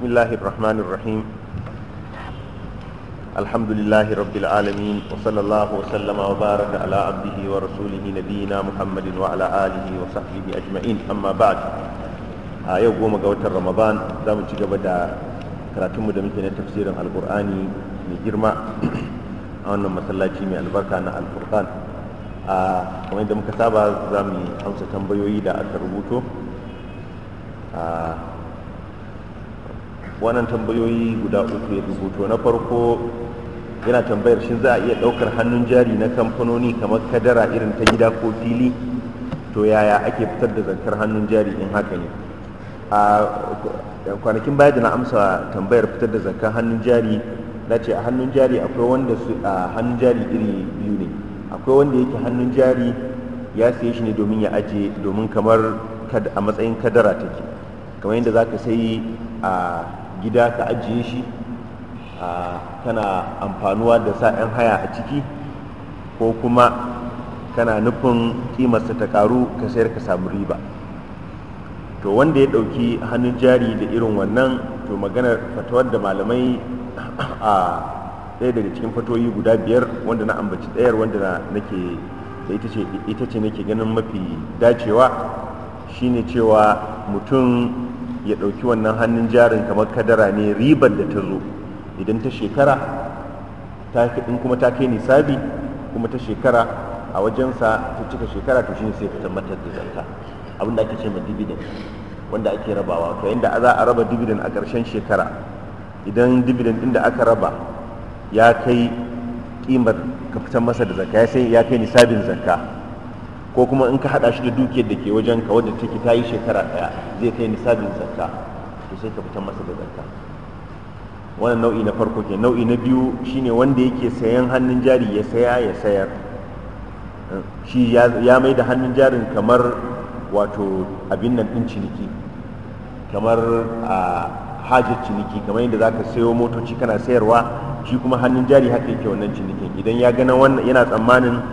بسم الله الرحمن الرحيم الحمد لله رب العالمين وصلى الله وسلم وبارك على عبده ورسوله نبينا محمد وعلى آله وصحبه أجمعين أما بعد يوم قوم قوة رمضان دام تجيب دا كراتم دمتنا تفسير القرآن نجرما أولا مسلاتي من البركة القرآن kamar yadda muka saba za mu amsa tambayoyi da aka rubuto wannan tambayoyi guda uku ya rubuto na farko yana tambayar shin za a iya ɗaukar hannun jari na kamfanoni kamar kadara irin ta gida ko fili to yaya ake fitar da zakar hannun jari in haka ne a kwanakin baya da na amsa tambayar fitar da zakar hannun jari na ce a hannun jari akwai wanda su a hannun jari iri biyu ne akwai wanda yake hannun jari ya saye shi ne domin ya aje domin kamar a matsayin kadara take kamar yadda za ka sayi. a gida ka ajiye shi kana amfanuwa da sa 'yan haya a ciki ko kuma kana nufin kimarsa ta karu ka sayar ka samu riba to wanda ya ɗauki hannun jari da irin wannan to maganar fatawar da malamai a ɗaya daga cikin fatoyi guda biyar wanda na ambaci ɗayar wanda nake da ita ce nake ganin mafi dacewa shine cewa mutum ya ɗauki wannan hannun jarin kamar kadara ne ribar da ta zo idan ta shekara in kuma ta kai nisabi kuma ta shekara a wajensa ta cika shekara to shine sai ta tabbatar da zakka abin da ake ce ma dividend wanda ake rabawa to yanda za a raba dividend a ƙarshen shekara idan dividend ɗin da aka raba ya kai kimar ka fitar masa da zakka ya sai ya kai nisabin zakka ko kuma in ka hada shi da dukiyar da ke wajen ka wadda take ta yi shekara daya zai kai nisabin zakka to sai ka fitar masa da zakka wannan nau'i na farko ke nau'i na biyu shine wanda yake sayan hannun jari ya saya ya sayar eh, shi ya mai da hannun jarin kamar wato abin nan din ciniki kamar a hajar ciniki kamar yadda zaka sayo motoci kana sayarwa shi kuma hannun jari haka yake wannan cinikin idan ya gana wannan yana tsammanin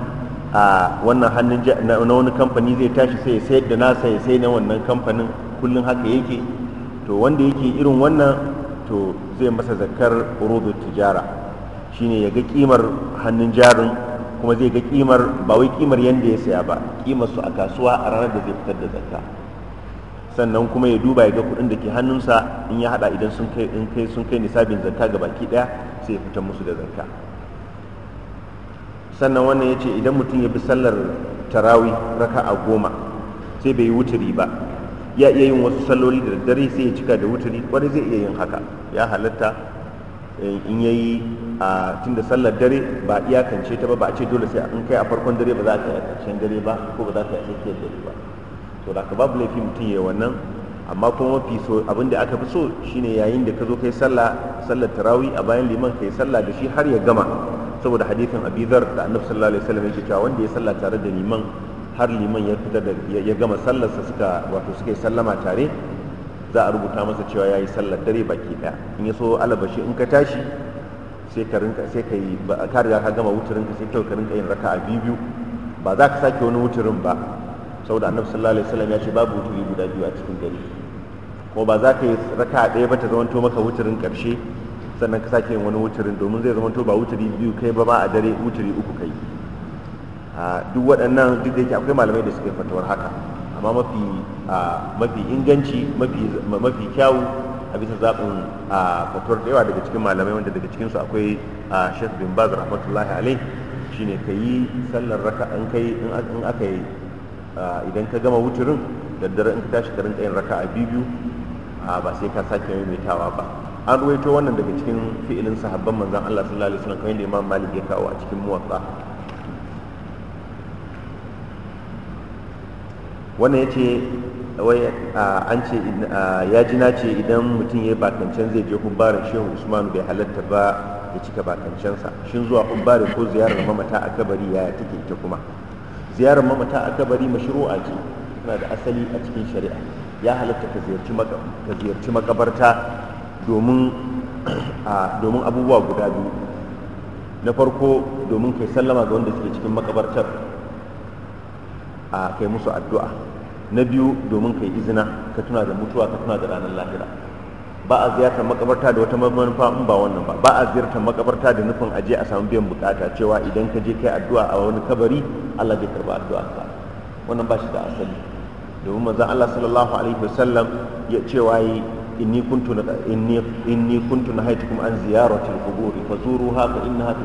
a wannan hannun na wani kamfani zai tashi sai ya sayar da nasa ya sai na wannan kamfanin kullum haka yake to wanda yake irin wannan to zai masa zakar urudu tijara shine ya ga kimar hannun jarin kuma zai ga kimar ba wai kimar yanda ya saya ba kimar su a kasuwa a ranar da zai fitar da zakka sannan kuma ya duba ya ga kuɗin da ke hannunsa in ya hada idan sun kai sun kai nisabin zakka ga baki daya sai ya fitar musu da zakka sannan wannan ya ce idan mutum ya bi sallar tarawi raka a goma sai bai yi wuturi ba ya iya yin wasu salloli da daddare sai ya cika da wuturi kwarai zai iya yin haka ya halatta eh, in ya yi a tunda sallar dare ba iyakance ta ba ba a ce dole sai in kai a farkon dare ba za ka yi a ƙarshen dare ba ko ba za ka yi a tsakiyar dare ba to da ka babu laifi mutum ya yi wannan amma kuma mafi so abin da aka fi so shine yayin da ka zo kai sallah sallar tarawi a bayan liman kai sallah da shi har ya gama saboda hadithin abizar da annabi sallallahu alaihi wasallam yake cewa wanda ya salla tare da liman har liman ya fita da ya gama sallarsa suka wato suka yi sallama tare za a rubuta masa cewa ya yi sallar dare baki daya in ya so alabashi in ka tashi sai ka rinka sai ka yi ka riga ka gama wuturin ka sai ka rinka yin raka'a biyu biyu ba za ka sake wani wuturin ba saboda annabi sallallahu alaihi wasallam ya ce babu wuturi guda biyu a cikin gari ko ba za ka yi raka'a daya ba ta to maka wuturin ƙarshe sannan ka sake yin wani wuturin domin zai zama to ba wuturi biyu kai ba ba a dare wuturi uku kai duk waɗannan duk da yake akwai malamai da suke yi fatawar haka amma mafi mafi inganci mafi kyawu a bisa zaɓin fatawar da yawa daga cikin malamai wanda daga cikinsu akwai sheikh bin baz rahmatullahi shi shine ka yi sallar raka in kai in aka yi idan ka gama wuturin daddare in ka tashi ka rinka raka a biyu ba sai ka sake maimaitawa ba an ruwaito wannan daga cikin fi'ilin sahabban manzan Allah sallallahu alaihi wasallam kamar da Imam Malik ya kawo a cikin muwatta wannan yace wai an ce ya ji na ce idan mutum ya yi bakancan zai je hubbarin shehu usmanu bai halatta ba ya cika sa shin zuwa hubbarin ko ziyarar mamata a kabari yaya take ita kuma ziyarar mamata a kabari mashru'a ce tana da asali a cikin shari'a ya halatta ka ziyarci makabarta domin abubuwa guda biyu na farko domin kai sallama ga wanda suke cikin makabartar a kai musu addu'a na biyu domin kai izina ka tuna da mutuwa ka tuna da ranar lahira ba a ziyartar makabarta da wata manufa in ba wannan ba ba a ziyartar makabarta da nufin aje a samu biyan bukata cewa idan ka je kai addu'a a wani kabari Allah zai karba addu'a ka wannan ba shi da asali domin manzon Allah sallallahu alaihi wasallam ya cewa yi inni kuntu inni inni kuntu nahaytukum an ziyarati al-qubur fazuruha fa innaha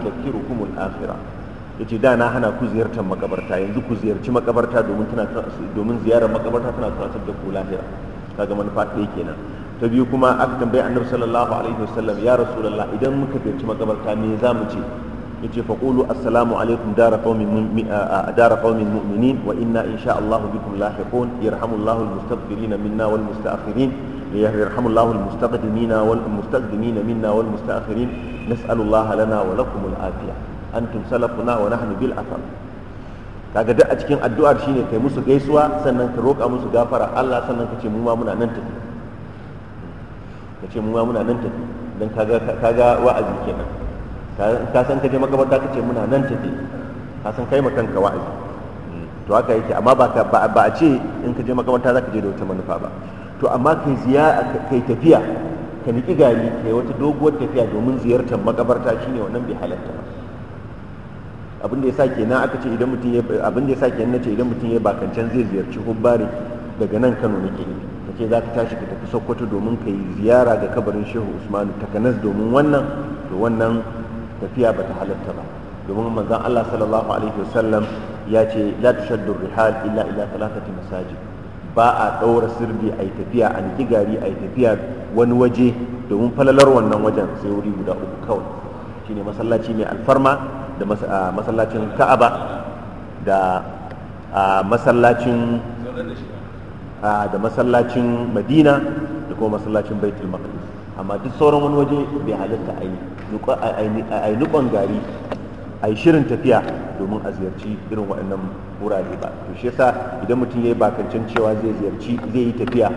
yace da na hana ku ziyartar makabarta yanzu ku ziyarci makabarta domin tana domin ziyarar makabarta tana tunatar da ku lahira kaga manufa ɗaya kenan ta biyu kuma aka tambaye annabi sallallahu alaihi wasallam ya rasulullah idan muka ziyarci makabarta me za mu ce yace fa qulu assalamu alaikum dara qaumin dara qaumin mu'minin wa inna insha Allah bikum lahiqun yarhamullahu al-mustaghfirina minna wal mustaakhirin يرحم الله المستقدمين والمستقدمين منا والمستأخرين نسأل الله لنا ولكم العافية أنتم سلفنا ونحن بالأثر kaga duk a cikin addu'ar shine kai musu gaisuwa sannan ka roƙa musu gafara Allah sannan ka ce mu ma muna nan tafi ka ce mu ma muna nan tafi dan kaga kaga wa'azi kenan ka san ka je makabarta ka ce muna nan tafi ka san kai kanka wa'azi to haka yake amma ba ba a ce in ka je makabarta zaka je da wata manufa ba to amma kai kai tafiya ka niki gari kai wata doguwar tafiya domin ziyartar makabarta shine wannan bai halatta ba abin da yasa kenan aka ce idan mutum ya abin da yasa kenan nace idan mutum ya zai ziyarci hubbari daga nan Kano nake nufi kace za ka tashi ka tafi Sokoto domin kai ziyara ga kabarin Shehu Usman Takanas domin wannan to wannan tafiya bata halatta ba domin manzon Allah sallallahu alaihi wasallam ya ce la tushaddu rihal illa ila thalathati masajid ba a ɗaura sirri a yi tafiya a niki gari a yi tafiya wani waje domin falalar wannan wajen sai wuri guda uku kawai shine masallaci mai alfarma da masallacin ka'aba da masallacin da masallacin madina da kuma masallacin baitul maqdis amma duk sauran wani waje bai halatta a yi nukon gari a yi shirin tafiya domin a ziyarci irin waɗannan wurare ba to shi yasa idan mutum ya yi bakancin cewa zai ziyarci zai yi tafiya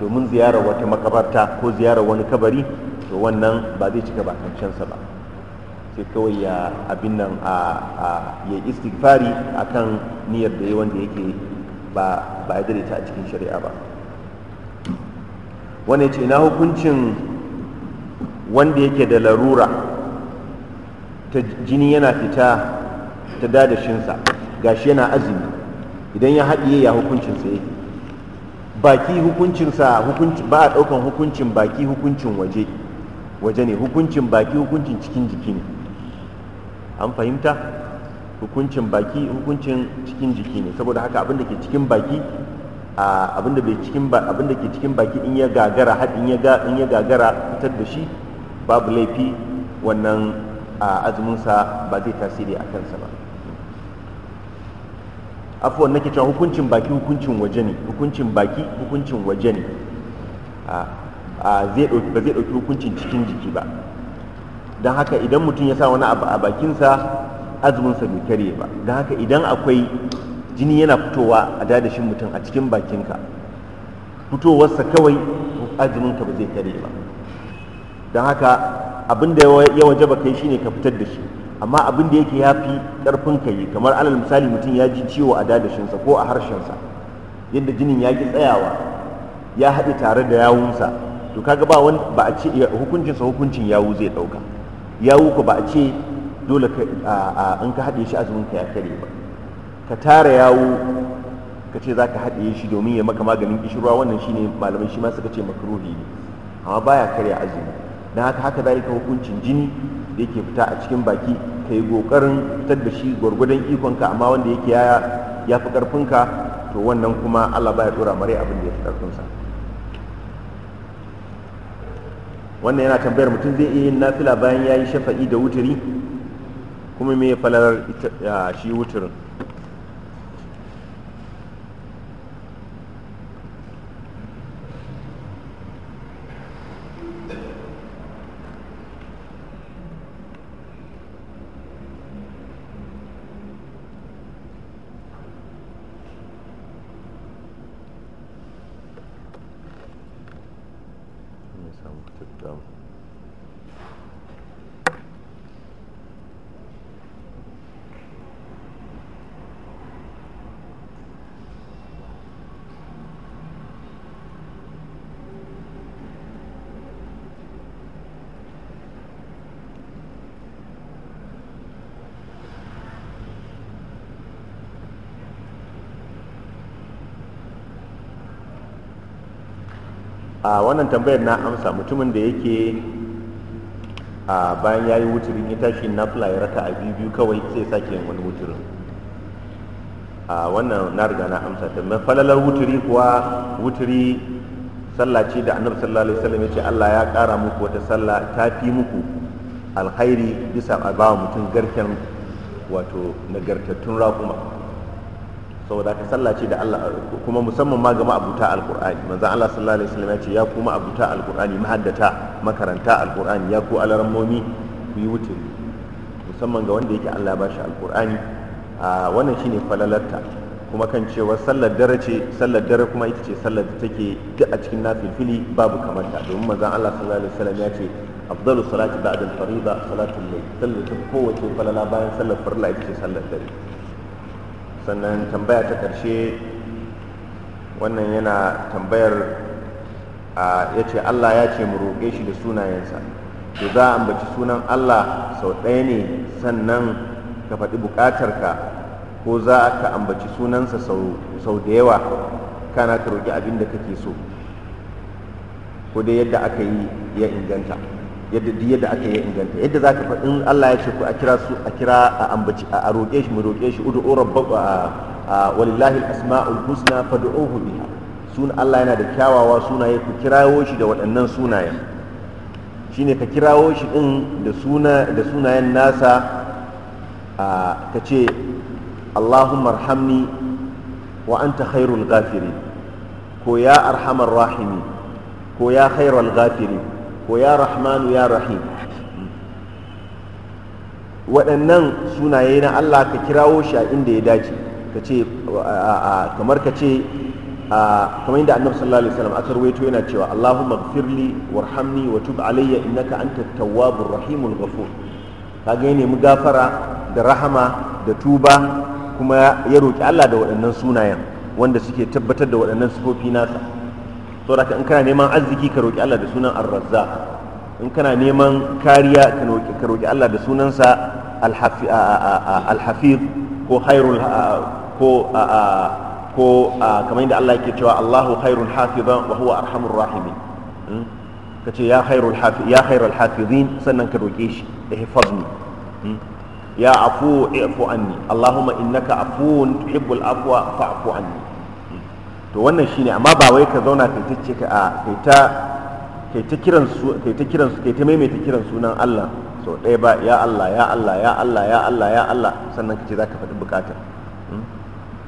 domin ziyarar wata makabarta ko ziyarar wani kabari to wannan ba zai cika bakancinsa ba sai kawai ya abin nan a ya istighfari akan niyyar da wanda yake ba ba ya ta a cikin shari'a ba wani ce ina hukuncin wanda yake da larura ta jini yana fita ta dadashinsa gashi yana azumi idan ya haɗiye ya hukuncin sa yake baki hukuncinsa hukunci ba a ɗaukan hukuncin baki hukuncin waje waje ne hukuncin baki hukuncin cikin jiki ne an fahimta hukuncin baki hukuncin cikin jiki ne saboda haka abin da ke cikin baki abin da bai cikin abin da ke cikin baki in ya gagara haɗi in ya ga in ya gagara fitar da shi babu laifi wannan azumin sa ba zai tasiri a kansa ba afuwan nake cewa hukuncin baki hukuncin waje ne hukuncin baki hukuncin waje ne ba zai ɗauki hukuncin cikin jiki ba don haka idan mutum ya sa wani abu a bakinsa azuminsa bai karye ba don haka idan akwai jini yana fitowa a dadashin mutum a cikin bakinka fitowarsa kawai azuminka ba zai karye ba don haka abin da ya waje ba kai shine ka fitar da shi amma abin da yake ya fi ƙarfin ka yi kamar alal misali mutum ya ji ciwo a dadashinsa ko a harshen sa yadda jinin ya ki tsayawa ya haɗe tare da yawunsa to kaga ba wani ba a ce hukuncinsa hukuncin yawu zai ɗauka yawu ko ba a ce dole in ka haɗe shi azumin ka ya kare ba ka tara yawu ka ce za ka haɗe shi domin ya maka maganin kishirwa wannan shine malamai shi ma suka ce makruhi ne amma baya karya azumi don haka haka zalika hukuncin jini da yake fita a cikin baki ka yi ƙoƙarin fitar da shi gwargwadon ikonka amma wanda yake ya fi ƙarfinka to wannan kuma allah ba ya tsora mare abin da ya fi ƙarfinsa wannan yana tambayar mutum zai iya yin nafila bayan ya yi shafa'i da wuturi kuma me falalar shi wuturin wannan tambayar na amsa mutumin da yake a bayan ya yi wuturin ya tashi na fula ya raka a biyu biyu kawai sai sake yin wani wuturin a wannan na riga na amsa mai falalar wuturi kuwa wuturi sallaci da annabi sallallahu alaihi wasallam ya ce Allah ya kara muku wata sallah ta fi muku alkhairi bisa a ba mutum garken wato nagartattun raƙuma saboda ka sallah ce da Allah kuma musamman ma ga ma'abuta alqur'ani manzon Allah sallallahu alaihi wasallam ya ce ya ku ma'abuta alqur'ani mahaddata makaranta alqur'ani ya ku alarmomi ku yi wuce musamman ga wanda yake Allah ba shi alqur'ani wannan shine falalarta kuma kan cewa sallar dare ce sallar dare kuma ita ce sallar da take duk a cikin nafilfili babu kamar ta domin manzon Allah sallallahu alaihi wasallam ya ce afdalu salati ba'da al-fariida salatul layl sallar kowace falala bayan sallar farilla ita ce sallar dare sannan tambaya ta ƙarshe wannan yana tambayar ya ce allah ya ce mu roƙe shi da sunayensa to za a ambaci sunan allah sau ɗaya ne sannan ka faɗi buƙatarka ko za ka ambaci sunansa sau da yawa kana ka roƙi abin da kake so ko dai yadda aka yi ya inganta yadda duk yadda aka yi inganta yadda za ka faɗin Allah ya ce ku a kira su a kira a ambaci a roƙe shi mu roƙe shi ud'u a walillahi asmaul husna fad'uhu biha sun Allah yana da kyawawa sunaye ku kirawo shi da waɗannan sunaye shine ka kirawo shi din da suna da sunayen nasa ka ce Allahumma arhamni wa anta khairul ghafirin ko ya arhamar rahimi ko ya khairal ghafirin ko ya rahmanu ya rahim waɗannan sunaye na Allah ka kirawo shi a inda ya dace ka ce kamar ka ce kamar yadda annabi sallallahu alaihi wasallam aka rawaito yana cewa Allahumma magfirli warhamni wa tub alayya innaka antat tawwabur rahimul ghafur kaga ne nemi gafara da rahama da tuba kuma ya roki Allah da waɗannan sunayen wanda suke tabbatar da waɗannan sifofi nasa saboda in kana neman arziki ka roki Allah da sunan ar-razzaq in kana neman kariya ka roki Allah da sunansa al ko khairul ko ko kamar yadda Allah yake cewa Allahu khairul hafizan wa huwa arhamur rahimin hmm? kace ya khairul hafiz ya khairul hafizin sannan ka roke shi ihfazni hmm? ya afu i'fu anni Allahumma innaka afuwun tuhibbul afwa fa'fu anni to wannan shine amma ba wai ka zauna kai ta ce a kai ta kai ta kiran su kai ta kiran su kai ta maimaita kiran sunan Allah so ɗaya ba ya Allah ya Allah ya Allah ya Allah ya Allah sannan ka ce zaka faɗi bukatar hmm?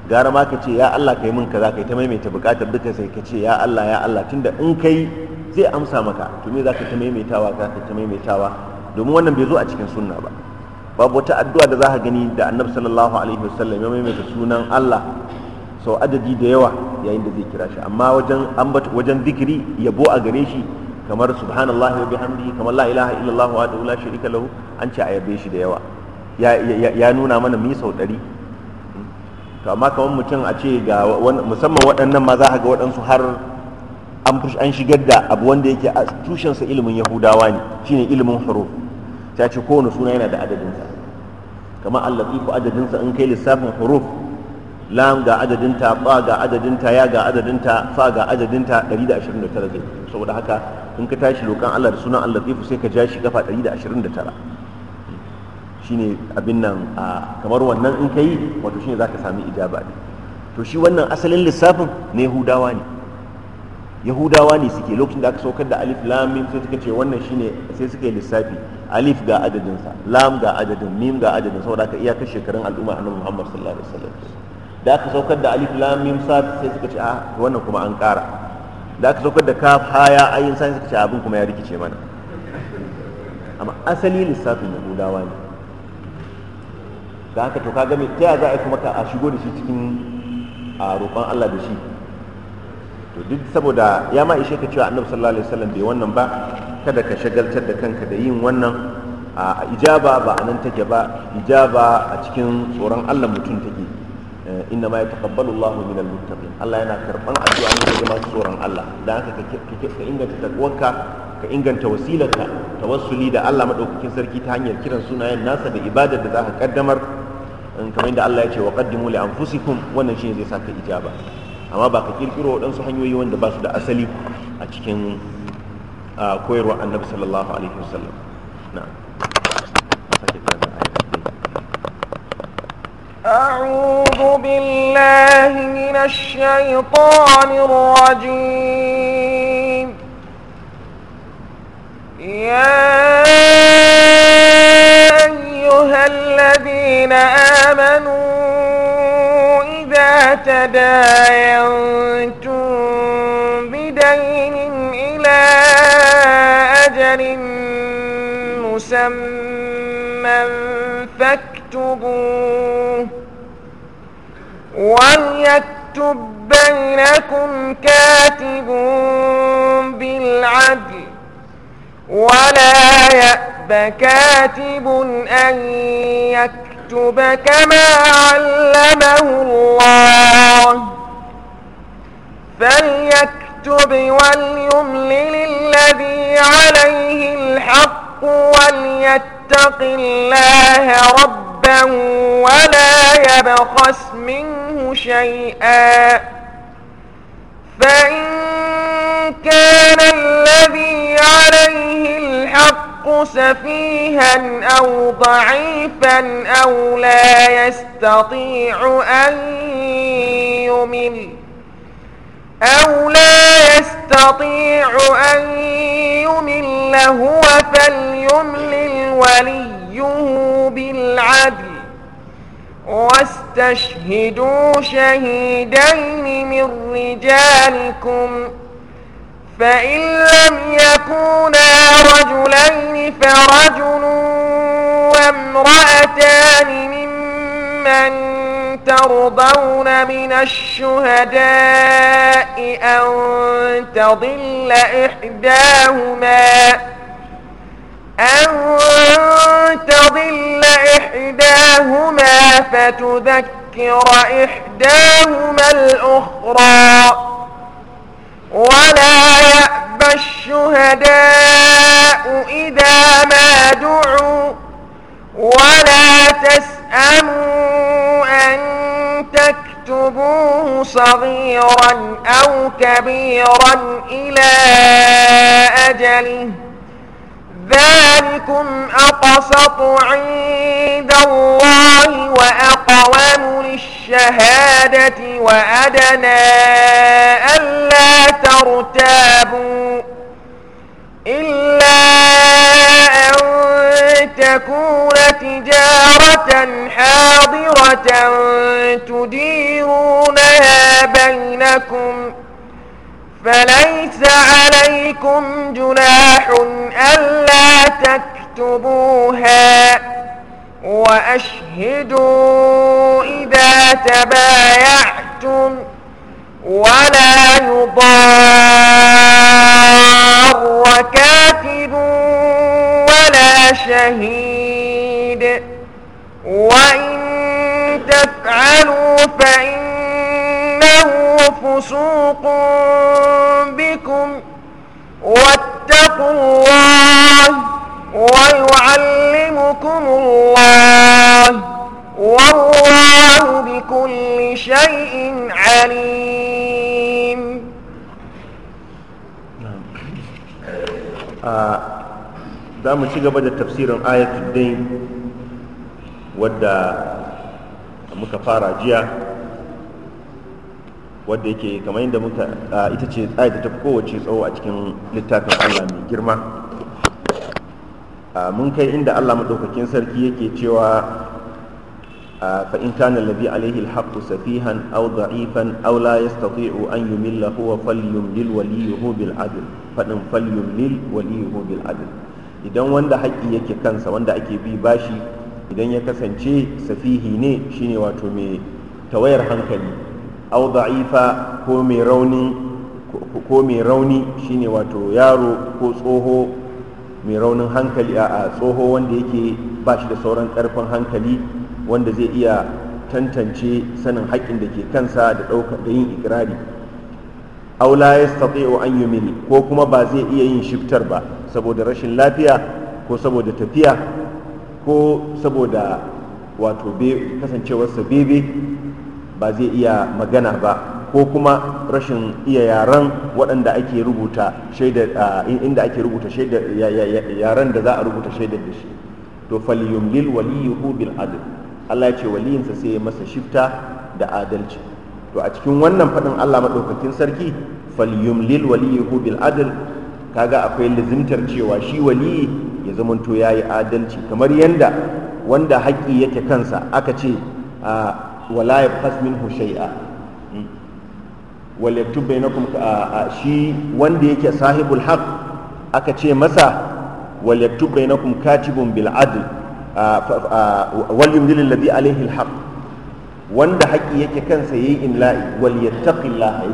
gara ma ka ce ya Allah kai mun kaza kai ta maimaita bukatar duka sai ka ce ya Allah ya Allah tunda in kai zai amsa maka to me zaka ta maimaitawa ka ta maimaitawa domin wannan bai zo a cikin sunna ba babu wata addu'a da za ka gani da annabi sallallahu alaihi wasallam ya maimaita sunan Allah sau adadi da yawa yayin da zai kira shi amma wajen ambat wajen zikiri yabo a gare shi kamar subhanallahi wa bihamdihi kamar la ilaha illallah wa la sharika lahu an ce a yabe shi da yawa ya nuna mana muyi sau ɗari to amma kamar mutum a ce ga musamman waɗannan ma za a ga waɗansu har an shigar da abu wanda yake a tushensa ilimin yahudawa ne shine ilimin huruf ta ce kowane suna yana da adadinsa kamar allafi ko adadinsa in kai lissafin huruf lam ga adadinta ba ga adadinta ya ga adadinta fa ga adadinta 129 zai saboda haka in ka tashi lokan Allah da sunan Allah zai sai ka ja shi kafa 129 shine abin nan kamar wannan in kai wato shine zaka sami ijaba ne to shi wannan asalin lissafin na Yahudawa ne Yahudawa ne suke lokacin da aka saukar da alif lam mim sai suka ce wannan shine sai suka yi lissafi alif ga adadinsa lam ga adadin mim ga adadin saboda haka iyakar shekarun al'umma annabi Muhammad sallallahu alaihi wasallam da aka saukar da alif lam mim sad sai suka ce a ah, wannan kuma an ƙara da aka saukar da kaf haya ayin sai suka ce ah, abin kuma ya rikice mana amma asali lissafin gudawa ne da haka to kaga me ta za a kuma ka a shigo da shi cikin a roƙon Allah da shi to duk saboda ya ma ishe ka cewa annabi sallallahu alaihi wasallam bai wannan ba kada ka shagaltar da kanka da yin wannan a ijaba ba a nan take ba ijaba a cikin tsoron Allah mutum take inna ma yataqabbalu Allahu minal muttaqin Allah yana karban addu'a ne daga masu tsoron Allah dan haka ka inganta takwanka ka inganta wasilarka tawassuli da Allah madaukakin sarki ta hanyar kiran sunayen nasa da ibadar da zaka kaddamar kamar yadda Allah ya ce wa qaddimu li anfusikum wannan shine zai saka ijaba amma ba ka kirkiro waɗansu hanyoyi wanda ba su da asali a cikin koyarwa annabi sallallahu alaihi wasallam أعوذ بالله من الشيطان الرجيم يا أيها الذين آمنوا إذا تداينتم بدين إلى أجل مسمى فاكتبوه وليكتب بينكم كاتب بالعدل ولا يأب كاتب أن يكتب كما علمه الله فليكتب الجب وليملل الذي عليه الحق وليتق الله ربه ولا يبخس منه شيئا فإن كان الذي عليه الحق سفيها أو ضعيفا أو لا يستطيع أن يمل أو لا يستطيع أن يمل هو فليملل وليه بالعدل واستشهدوا شهيدين من رجالكم فإن لم يكونا رجلين فرجل وامرأتان ممن ممن ترضون من الشهداء أن تضل إحداهما أن تضل إحداهما فتذكر إحداهما الأخرى ولا يأبى الشهداء إذا ما دعوا ولا تسأموا أن تكتبوه صغيرا أو كبيرا إلى أجله ذلكم أقسط عند الله وأقوم للشهادة وأدنى ألا ترتابوا إلا أن تكون تجارة حاضرة تديرونها بينكم فليس عليكم جناح ألا تكتبوها وأشهدوا إذا تبايعتم ولا يضار كاتبون شهيد وإن تفعلوا فإنه فسوق بكم واتقوا الله ويعلمكم الله والله بكل شيء عليم آه، za mu ci gaba da tafsirin ayatul dai wadda muka fara jiya wadda yake kamar yadda muka ita ce ayata ta kowace tsawo a cikin littafin Allah mai girma mun kai inda Allah maɗaukakin sarki yake cewa fa in kana ladhi alayhi alhaqqu safihan aw dha'ifan aw la yastati'u an yumilla huwa falyumlil waliyuhu bil adl fadin falyumlil waliyuhu bil idan wanda haƙƙi yake kansa wanda ake bi bashi idan ya kasance safihi ne shine wato mai tawayar hankali au da'ifa ko mai rauni ko mai shine wato yaro ko tsoho mai raunin hankali a tsoho wanda yake bashi da sauran ƙarfin hankali wanda zai iya tantance sanin haƙƙin da ke kansa da ɗaukar da yin ikirari aula ya an mini ko kuma ba zai iya yin shiftar ba saboda rashin lafiya ko saboda tafiya ko saboda wato kasancewarsa bebe ba zai iya magana ba ko kuma rashin iya yaren waɗanda ake rubuta shaidar inda ake rubuta yaren da za a rubuta shaidar da shi to falyumlil waliyuhu bil adl Allah ya ce waliyinsa sai ya masa shifta da adalci to a cikin wannan faɗin Allah maɗaukakin sarki falyumlil waliyuhu bil adl kaga akwai lizimtar cewa shi wali ya zamanto ya yi adalci kamar yanda wanda haƙƙi yake kansa aka ce a wala ya fas minhu shay'a hmm. wal yaktub bainakum shi wanda yake sahibul haqq aka ce masa wal yaktub bainakum katibun bil adl wal yumdil alladhi alayhi al haqq wanda haƙi yake kansa yayi la'i wal ya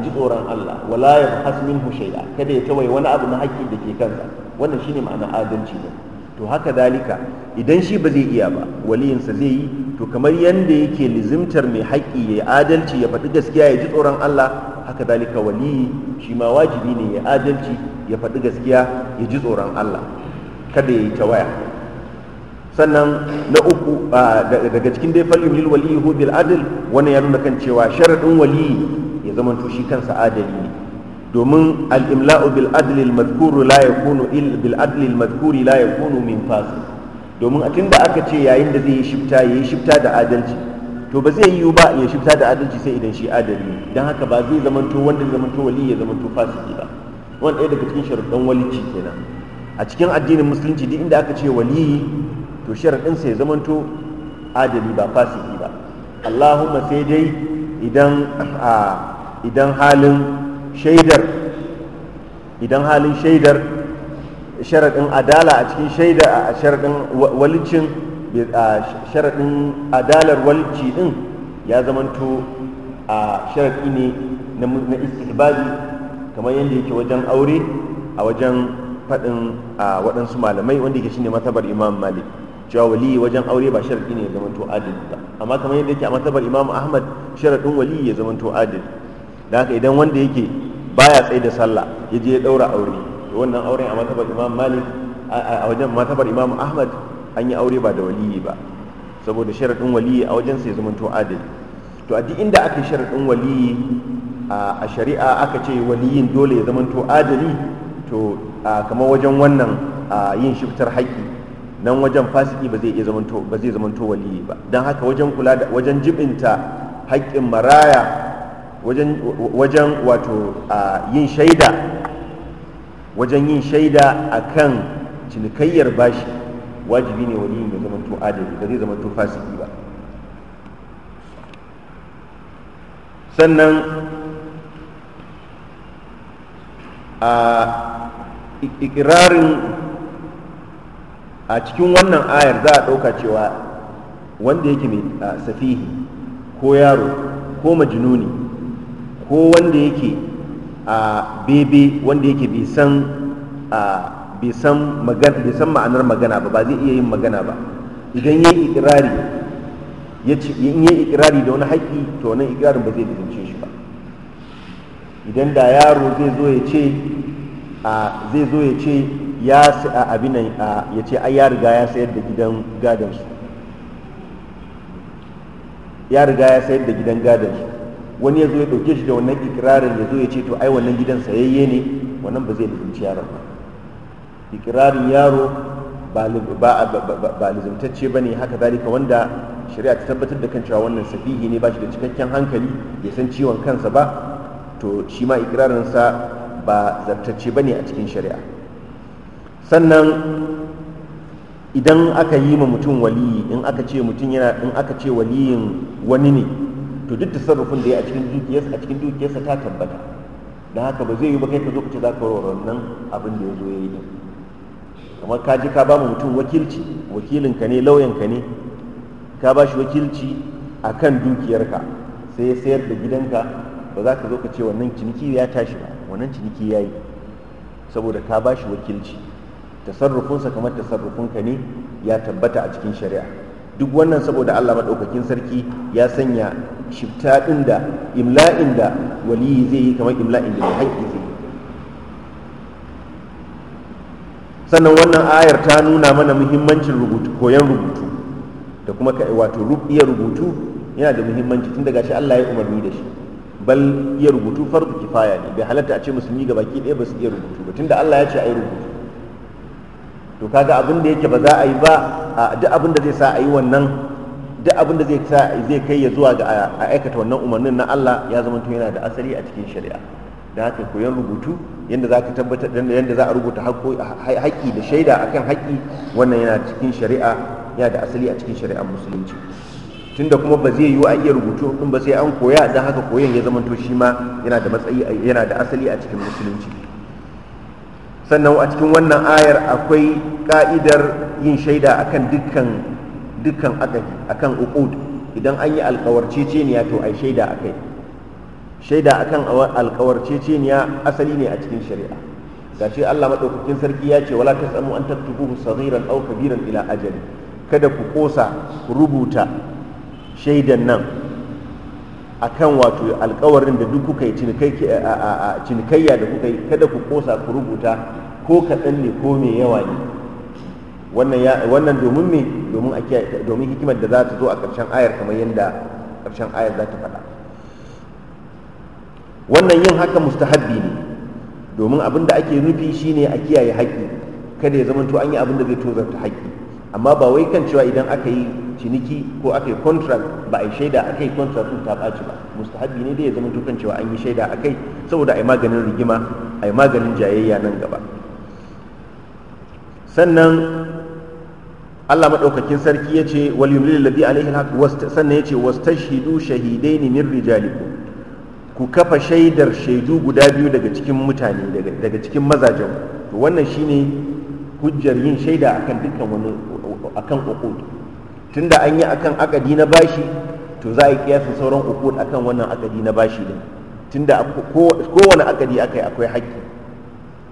ji tsoron Allah wala hasmin minhu shay'a kada ya tawaye wani abu na haƙi da ke kansa wannan shine ma'ana adalci ne to haka dalika idan shi ba zai iya ba waliyinsa zai yi to kamar yanda yake lizimtar mai haƙi ya adalci ya faɗi gaskiya ya ji tsoron Allah haka dalika waliyi shi ma wajibi ne ya adalci ya faɗi gaskiya ya ji tsoron Allah kada ya yi tawaya sannan na uku daga cikin dai lil yumlil waliyu bil adl wannan ya nuna kan cewa sharadin wali ya zama to shi kansa adali ne domin al imla'u bil adl al madhkur la yakunu il bil adl al madhkur la yakunu min fasil domin atin da aka ce yayin da zai yi shifta yayi shifta da adalci to ba zai yiwu ba ya shifta da adalci sai idan shi adali ne dan haka ba zai to wanda zai to wali ya to fasiki ba wannan ɗaya daga cikin sharuɗan walici kenan a cikin addinin musulunci duk inda aka ce waliyi to sharaɗin sai zamanto adali ba fasiki ba allahumma sai dai idan idan halin shaidar idan halin shaidar sharaɗin adala a cikin shaida a sharaɗin walicin sharaɗin adalar walici ɗin ya zamanto a sharaɗi ne na istihbabi kamar yadda yake wajen aure a wajen faɗin a waɗansu malamai wanda yake shine matabar imam malik cewa wali wajen aure ba sharadi ne ya zama to adali ba amma kamar yadda yake a matsabar imam ahmad sharadin wali ya zama to adali da haka idan wanda yake baya tsaye da sallah ya je ya daura aure to wannan auren a matsabar imam malik a wajen matsabar imam ahmad an yi aure ba da wali ba saboda sharadin wali a wajen sai zama to adali to a duk inda aka sharadin wali a shari'a aka ce waliyin dole ya zama to adali to kamar wajen wannan yin shiftar haƙƙi nan wajen fasiki ba zai iya zamanto ba waliyi ba don haka wajen kula da wajen jibinta haƙƙin maraya wajen wato yin shaida wajen yin shaida akan cinikayyar bashi wajibi ne waliyin ya zamanto adali ba zai zamanto fasiki ba sannan a ikirarin a cikin wannan ayar za a ɗauka cewa wanda yake mai safihi ko yaro ko majinuni ko wanda yake a bebe wanda yake bai san bai san ma'anar magana ba ba zai iya yin magana ba idan ya yi ce in yi ikirari da wani haƙƙi to wannan ikirarin ba zai lizince shi ba idan da yaro zai zo ya ce zai zo ya ce ya abin nan ya ce ai ya riga ya sayar da gidan gadon su ya riga ya sayar da gidan wani ya zo ya dauke shi da wannan ikirarin ya zo ya ce to ai wannan gidan sayayye ne wannan ba zai da yaron ba ikirarin yaro ba lizumtacce ba ne haka zalika wanda shari'a ta tabbatar da kan cewa wannan safihi ne ba shi da cikakken hankali ya san ciwon kansa ba to shi ma sa ba zartacce ba ne a cikin shari'a sannan idan aka yi ma mutum waliyi in aka ce mutum yana in aka ce waliyin wani ne to duk tasarrufin da ya a cikin dukiyarsa a cikin dukiyarsa ta tabbata da haka ba zai yi ba kai ka zo ka ce za ka warware wannan abin da ya zo ya yi din kamar ka je ka ba mu mutum wakilci wakilinka ne lauyanka ne ka ba shi wakilci a kan dukiyarka sai ya sayar da gidanka ba za ka zo ka ce wannan ciniki ya tashi ba wannan ciniki ya yi saboda ka ba shi wakilci tasarrufinsa kamar tasarrufinka ne ya tabbata a cikin shari'a duk wannan saboda Allah maɗaukakin sarki ya sanya shifta ɗin da imla'in da waliyi zai yi kamar imla'in da mai haƙƙi zai yi sannan wannan ayar ta nuna mana muhimmancin rubutu koyon rubutu da kuma ka wato iya rubutu yana da muhimmanci tun daga shi Allah ya umarni da shi bal iya rubutu farko kifaya ne bai halatta a ce musulmi ga baki ɗaya ba su iya rubutu ba tunda Allah ya ce a yi rubutu to kaga abin da yake ba za a yi ba duk abin da zai sa a yi wannan duk abin da zai kai ya zuwa ga a aikata wannan umarnin na Allah ya zama to yana da asali a cikin shari'a da haka koyon rubutu yadda za ka tabbatar yadda za a rubuta haƙƙi da shaida akan haƙƙi wannan yana cikin shari'a ya da asali a cikin shari'ar musulunci tunda kuma ba zai yiwu a iya rubutu din ba sai an koya dan haka koyon ya zama to shi ma yana da matsayi yana da asali a cikin musulunci sannan a cikin wannan ayar akwai ka'idar yin shaida akan dukkan dukkan akadi akan uqud idan an yi alkawarceceniya to ai shaida kai shaida akan alkawarceceniya asali ne a cikin shari'a gashi Allah madaukakin sarki ya ce wala tasamu an taktubuhu saghiran aw kabiran ila ajali kada ku kosa rubuta shaidan nan akan wato alkawarin da duk kuka yi cinikayya da kuka yi kada ku kosa ku rubuta ko kaɗan ne ko mai yawa ne wannan domin me domin domin hikimar da za ta zo a ƙarshen ayar kamar yadda ƙarshen ayar za ta faɗa wannan yin haka mustahabbi ne domin abin da ake nufi shine a kiyaye haƙƙi kada ya zama to an yi abin da zai tozarta haƙƙi amma ba wai kan cewa idan aka yi ciniki ko aka yi contract ba a yi shaida aka yi contract ta ɓaci ba mustahabi ne dai ya zama dukan cewa an yi shaida a kai saboda a yi maganin rigima a yi maganin jayayya nan gaba sannan Allah maɗaukakin sarki ya ce wal yumlil ladhi alaihi alhaq sannan ya ce wastashhidu shahidaini min rijalikum ku kafa shaidar shaidu guda biyu daga cikin mutane daga cikin mazajen to wannan shine hujjar yin shaida akan dukkan wani akan uqud Tun da an yi akan akadi na bashi to za a yi kiyasin sauran ukud akan wannan akadi na bashi din da kowane akadi akai akwai haƙƙi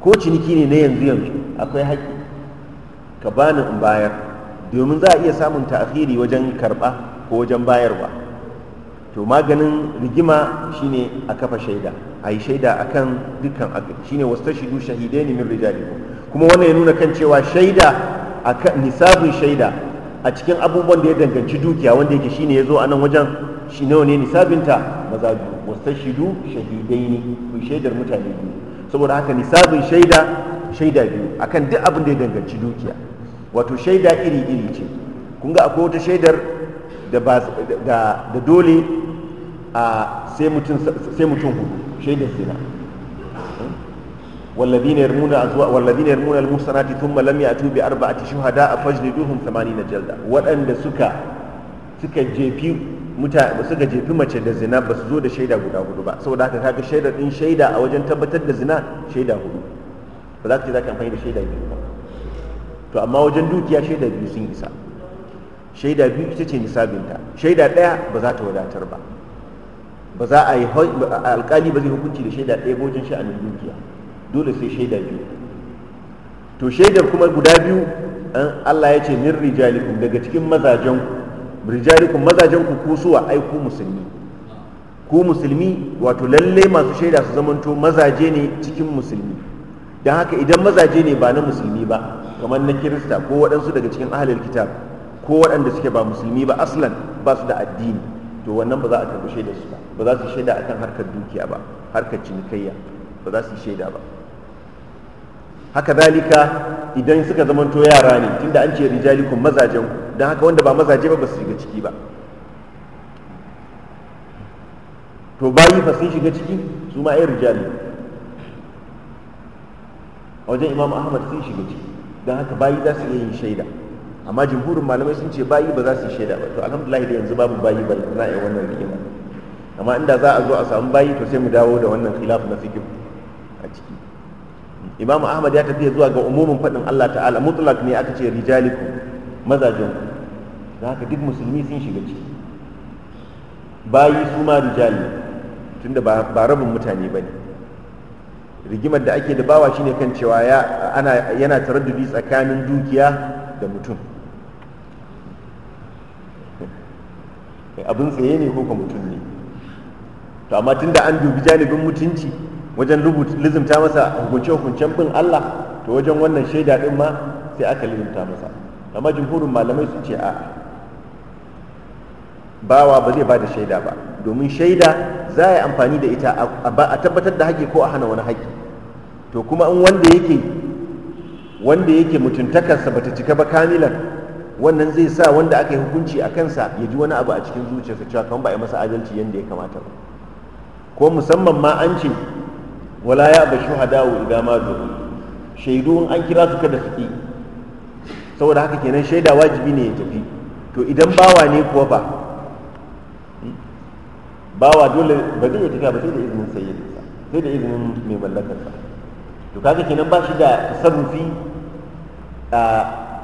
ko ciniki ne na yanzu yanzu akwai haƙƙi ka bani in bayar domin za a iya samun ta'khiri wajen karɓa ko wajen bayarwa to maganin rigima shine a kafa shaida a yi shaida akan dukkan akadi shine shahidai ne min rijalikum kuma wannan ya nuna kan cewa shaida a nisabin shaida a cikin abubuwan da ya danganci dukiya wanda yake shine ya zo a nan wajen shi nawa ne nisabinta maza biyu shidu shahidai ne ku shaidar mutane biyu saboda haka nisabin shaida shaida biyu akan duk abin da ya danganci dukiya wato shaida iri iri ce kun ga akwai wata shaidar da dole a mutum sai mutum hudu shaidar zina والذين يرمون أزواج والذين يرمون المحصنات ثم لم يأتوا بأربعة شهداء فاجلدوهم ثمانين جلدة وأن سكا سكا جي بي متى سكا جي بي متى الزنا بس زود شيدا غدا غدا با سو ذاك كاك شيدا إن شيدا أو جن تبتت الزنا شيدا غدا فذاك ذاك كان فايد شيدا غدا to amma wajen dukiya shaida biyu sun isa shaida biyu ita ce nisabinta shaida ɗaya ba za ta wadatar ba ba za a yi alƙali ba zai hukunci da shaida ɗaya ba wajen sha'anin dukiya dole sai shaida biyu to shaidar kuma guda biyu an Allah ya ce min rijalikum daga cikin mazajenku rijalikum mazajenku ku suwa ai ku musulmi ku musulmi wato lalle masu shaida su zamanto mazaje ne cikin musulmi dan haka idan mazaje ne ba na musulmi ba kamar na kirista ko waɗansu daga cikin ahalar kitab ko waɗanda suke ba musulmi ba aslan ba su da addini to wannan ba za a karɓi shaida su ba ba za su shaida akan harkar dukiya ba harkar cinikayya ba za su shaida ba haka zalika idan suka zamanto yara ne tunda an ce rijalikum mazajen ku don haka wanda ba mazaje ba ba su shiga ciki ba to bayi fa sun shiga ciki su ma ai rijali a wajen imam ahmad sun shiga ciki don haka bayi za su iya yin shaida amma jimhurin malamai sun ce bayi ba za su yi shaida ba to alhamdulillah da yanzu babu bayi ba za a yi wannan rigima amma inda za a zo a samu bayi to sai mu dawo da wannan khilaf na fikihu imamu ahmad ya tafiya zuwa ga umumin faɗin allah ta'ala mutlak ne aka ce rijaliku mazajen ku haka duk musulmi sun shiga ciki bayi su ma rijali tunda ba rabin mutane ba ne rigimar da ake da bawa shine kan cewa yana taraddudi tsakanin dukiya da mutum abin tsaye ne ko ka mutum ne to amma tunda an dubi janibin mutunci wajen lizimta masa hukunce-hukuncen bin Allah to wajen wannan shaida din ma sai aka lizimta masa amma jumhurin malamai su ce a bawa ba zai ba da shaida ba domin shaida za a yi amfani da ita a tabbatar da haƙƙi ko a hana wani haƙƙi to kuma in wanda yake wanda yake mutuntakarsa bata cika ba kamilan wannan zai sa wanda aka yi hukunci a kansa ya ji wani abu a cikin zuciyarsa cewa kan ba a yi masa adalci yadda ya kamata ba ko musamman ma an ce wala ya ba shuhada'u idan ma zo shaidu in an kira su kada su yi saboda haka kenan shaida wajibi ne ya tafi to idan bawa ne kuwa ba hmm? bawa dole ba zai iya tafiya ba sai da izinin sayyidinsa sai da izinin mai mallakarsa to kaga kenan ba shi da tasarrufi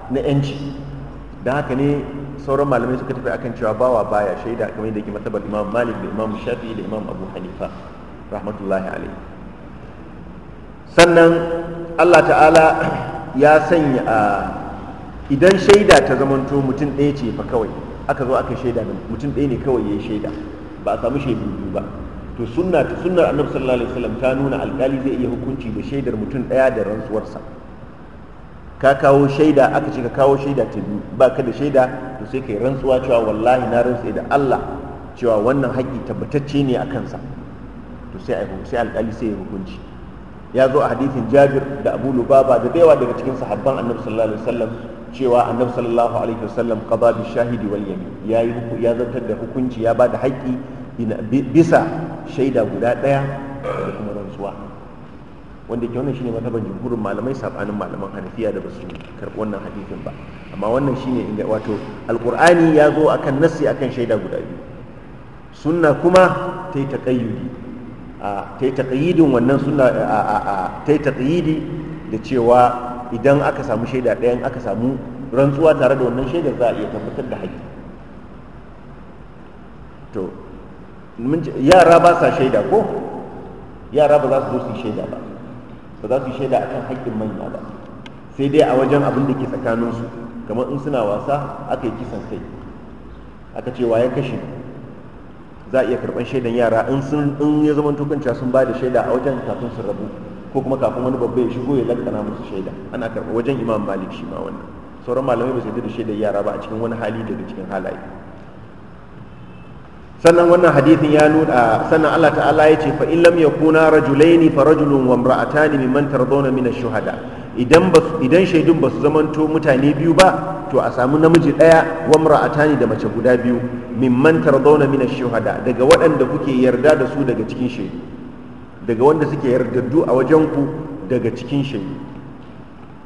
na yanci don haka ne sauran malamai suka tafi akan cewa bawa baya shaida kamar yadda ke masabar imam malik da imam shafi da imam abu hanifa rahmatullahi alaihi sannan allah ta'ala ya sanya a idan shaida ta zamanto mutum ɗaya ce fa kawai aka zo aka shaida da mutum ɗaya ne kawai ya yi shaida ba a samu shaidu biyu ba to sunna ta sunnar annabi sallallahu alaihi wasallam ta nuna alkali zai iya hukunci da shaidar mutum ɗaya da rantsuwarsa ka kawo shaida aka ce ka kawo shaida ta biyu ba ka da shaida to sai kai rantsuwa cewa wallahi na rantsa da Allah cewa wannan haƙƙi tabbatacce ne a kansa to sai alkali sai ya hukunci ya zo a hadithin jabir da abu lubaba da yawa daga cikin sahabban annabi sallallahu alaihi wasallam cewa annabi sallallahu alaihi wasallam qada bi shahidi wal yamin yayi ya zartar da hukunci ya bada haƙƙi bisa shaida guda daya da kuma rantsuwa wanda ke wannan shine mataban jumhurin malamai sabanin malaman hanafiya da basu karɓi wannan hadithin ba amma wannan shine inda wato alqur'ani ya zo akan nassi akan shaida guda biyu sunna kuma ta yi taƙayyudi ta yi taƙayidin wannan suna ta yi taƙayidi da cewa idan aka samu shaida ɗayan aka samu rantsuwa tare da wannan shaidar za a iya tabbatar da haƙƙi to yara ba sa shaida ko yara ba za su zo su yi shaida ba ba za su yi shaida akan haƙƙin manya ba sai dai a wajen abin da ke tsakaninsu kamar in suna wasa aka yi kisan kai aka ce wa ya kashe za a iya karɓar shaidan yara in sun in ya zama tukanta sun ba da shaida a wajen kafin su rabu ko kuma kafin wani babba ya shigo ya lakana musu shaida ana karɓa wajen imam malik shi ma wannan sauran malamai ba su da shaidar yara ba a cikin wani hali daga cikin halaye sannan wannan hadithin ya nuna sannan Allah ta'ala ya ce fa in lam yakuna rajulaini fa rajulun wa imra'atani mimman tardawna min ash-shuhada idan shaidun ba su zamanto mutane biyu ba to a samu namiji ɗaya wa ne da mace guda biyu mimman tarzauna mina shuhada daga waɗanda kuke yarda da su daga cikin shaidu daga wanda suke yardaddu a wajen ku daga cikin shaidu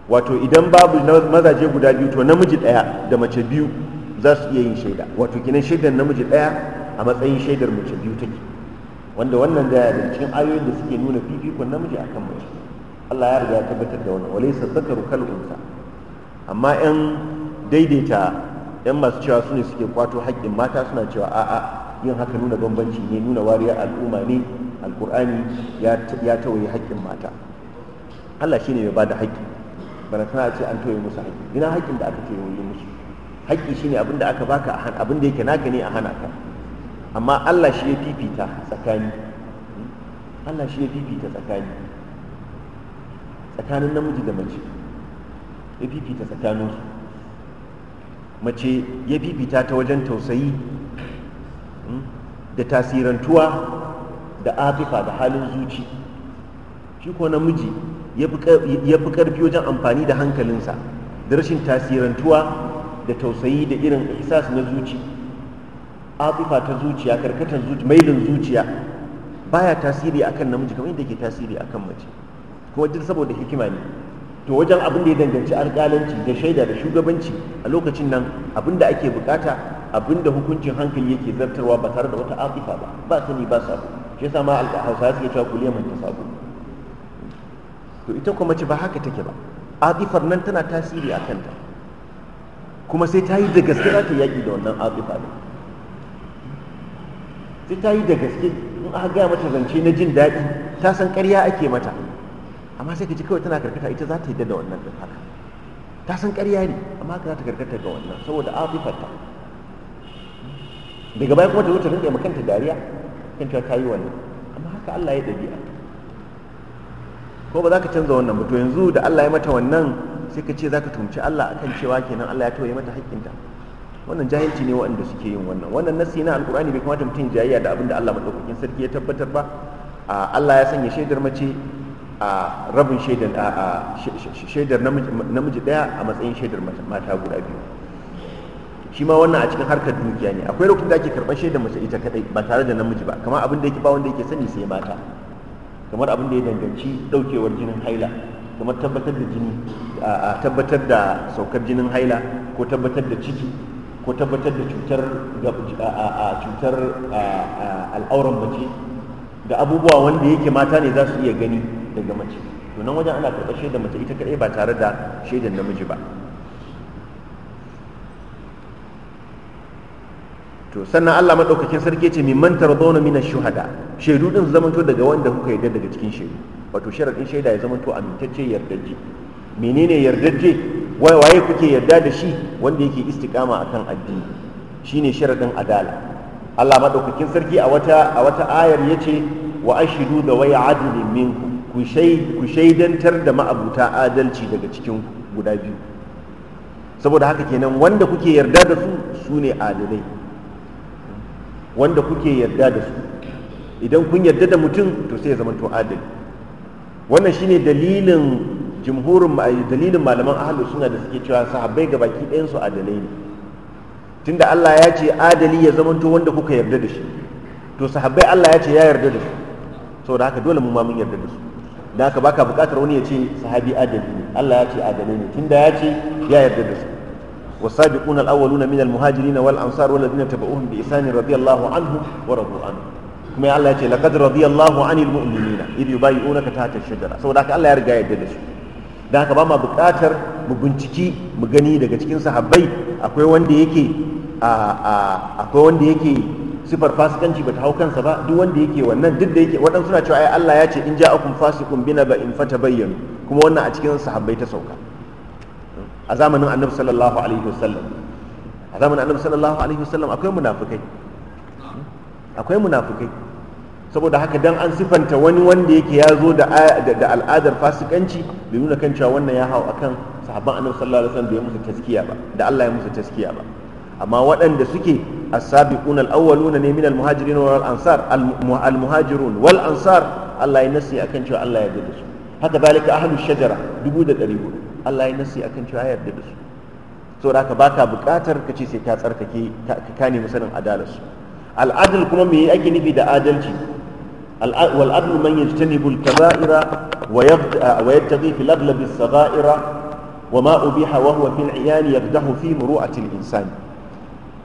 wato idan babu mazaje guda biyu to namiji ɗaya da mace biyu za su iya yin shaida wato kinan shaidar namiji ɗaya a matsayin shaidar mace biyu take wanda wannan da cikin ayoyin da suke nuna fifikon namiji akan mace Allah ya riga ya tabbatar da wannan walaysa zakaru kal unsa amma yan daidaita yan masu cewa su ne suke kwato haƙƙin mata suna cewa a'a yin haka nuna bambanci ne nuna wariya al'umma ne alkur'ani ya tawaye haƙƙin mata Allah shine mai bada haƙƙi bana a ce an tawaye musu haƙƙi ina haƙƙin da aka tawaye musu haƙƙi shine abin da aka baka abin da yake naka ne a hana ka amma Allah shi ya fifita tsakani hmm? Allah shi ya fifita tsakani tsakanin namiji da mace ya fifita su mace ya fifita ta wajen tausayi hmm, da tasirantuwa da afifa da halin zuci shi ko namiji ya fi ƙarfi wajen amfani da hankalinsa da rashin tasirantuwa da tausayi da irin ihsas na zuci afifa ta zuciya karkatar zuci mailin zuciya baya tasiri akan namiji kamar yadda ke tasiri akan mace kuma duk saboda hikima ne to wajen abin da ya danganci alƙalanci da shaida da shugabanci a lokacin nan abin da ake bukata abin da hukuncin hankali yake zartarwa ba tare da wata afifa ba ba ne ba sabo shi yasa ma hausa suke cewa kuliyar manta sabo to ita kuma ce ba haka take ba atifar nan tana tasiri a kanta kuma sai ta yi da gaske za ta yaƙi da wannan atifa ne sai ta yi da gaske in aka gaya mata zance na jin daɗi ta san ƙarya ake mata amma sai ka ji kawai tana karkata ita za ta yi da wannan din haka ta san ƙarya ne amma haka za ta karkata ga wannan saboda afifarta daga baya kuma ta zo ta rinka kanta dariya kan ta yi wannan amma haka Allah ya dabi'a ko ba za ka canza wannan ba to yanzu da Allah ya mata wannan sai ka ce za ka tumci Allah akan cewa kenan Allah ya tawaye mata haƙƙinta wannan jahilci ne waɗanda suke yin wannan wannan nasi na alƙur'ani bai kamata mutum jayayya da abin da Allah madaukakin sarki ya tabbatar ba Allah ya sanya shaidar mace a rabin shaidar shaidar namiji daya a matsayin shaidar mata guda biyu shi ma wannan a cikin harkar dukiya ne akwai lokacin da ake karɓar shaidar mace ita kadai ba tare da namiji ba kamar abin da yake ba wanda yake sani sai mata kamar abin da ya danganci ɗaukewar jinin haila kamar tabbatar da jini a tabbatar da saukar jinin haila ko tabbatar da ciki ko tabbatar da cutar cutar al'auran mace da abubuwa wanda yake mata ne za su iya gani daga mace to nan wajen ana karɓar shaidar mace ita kaɗai ba tare da shaidar namiji ba to sannan Allah madaukakin sarki ce man tardona min shuhada shaidu din zamanto daga wanda kuka yarda daga cikin shaidu wato sharadin shaida ya zamanto amintacce yardajje menene yardajje waye kuke yarda da shi wanda yake istiqama akan addini shine sharadin adala Allah madaukakin sarki a wata a wata ayar yace wa ashidu da waya adli minku ku shaidantar da ma'abuta adalci daga cikin guda biyu saboda haka kenan wanda kuke yarda da su su ne adalai wanda kuke yarda da su idan kun yarda da mutum to sai ya zama to adali wannan shine dalilin jumhurin dalilin malaman ahlus suna da suke cewa sahabbai ga baki ɗayan su adalai ne tunda Allah ya ce adali ya zama to wanda kuka yarda da shi to sahabbai Allah ya ce ya yarda da su saboda haka dole mu ma mun yarda da su da haka baka bukatar wani ya ce sahabi adali ne Allah ya ce adali ne tunda ya ce ya yarda da su wasabiquna alawwaluna min almuhajirin wal ansar wal ladina tabi'uhum bi ihsan radiyallahu anhum wa radu anhu kuma ya Allah ya ce laqad radiyallahu anil mu'minina idh yubayyi'unaka tahta ash-shajara saboda haka Allah ya riga ya yarda da su da haka ba ma bukatar mu binciki mu gani daga cikin sahabbai akwai wanda yake a akwai wanda yake sifar fasikanci bata hau kansa ba duk wanda yake wannan duk da yake waɗansu suna cewa ai Allah ya ce in ja'akum fasikun bina ba in bayyanu kuma wannan a cikin sahabbai ta sauka a zamanin Annabi sallallahu alaihi wasallam a zamanin Annabi sallallahu alaihi wasallam akwai munafikai akwai munafikai saboda haka dan an sifanta wani wanda yake ya zo da al'adar fasikanci bai nuna kan cewa wannan ya hau akan sahabban Annabi sallallahu alaihi wasallam bai musu taskiya ba da Allah ya musu taskiya ba amma waɗanda suke as-sabiquna al-awwaluna ne min al-muhajirin wal ansar al-muhajirun wal ansar Allah ya nasi akan cewa Allah ya yarda da su haka zalika ahlu shajara 1400 Allah ya nasi akan cewa ya yarda da su so da baka buƙatar ka ce sai ka tsarkake ka kane musanin adalarsu al'adul kuma me ake nufi da adalci wal adlu man yajtanibul kaba'ira wa yattaqi fil aghlabi as-sagha'ira wa ma ubiha wa huwa fil 'iyan yaqdahu fi muru'ati al-insani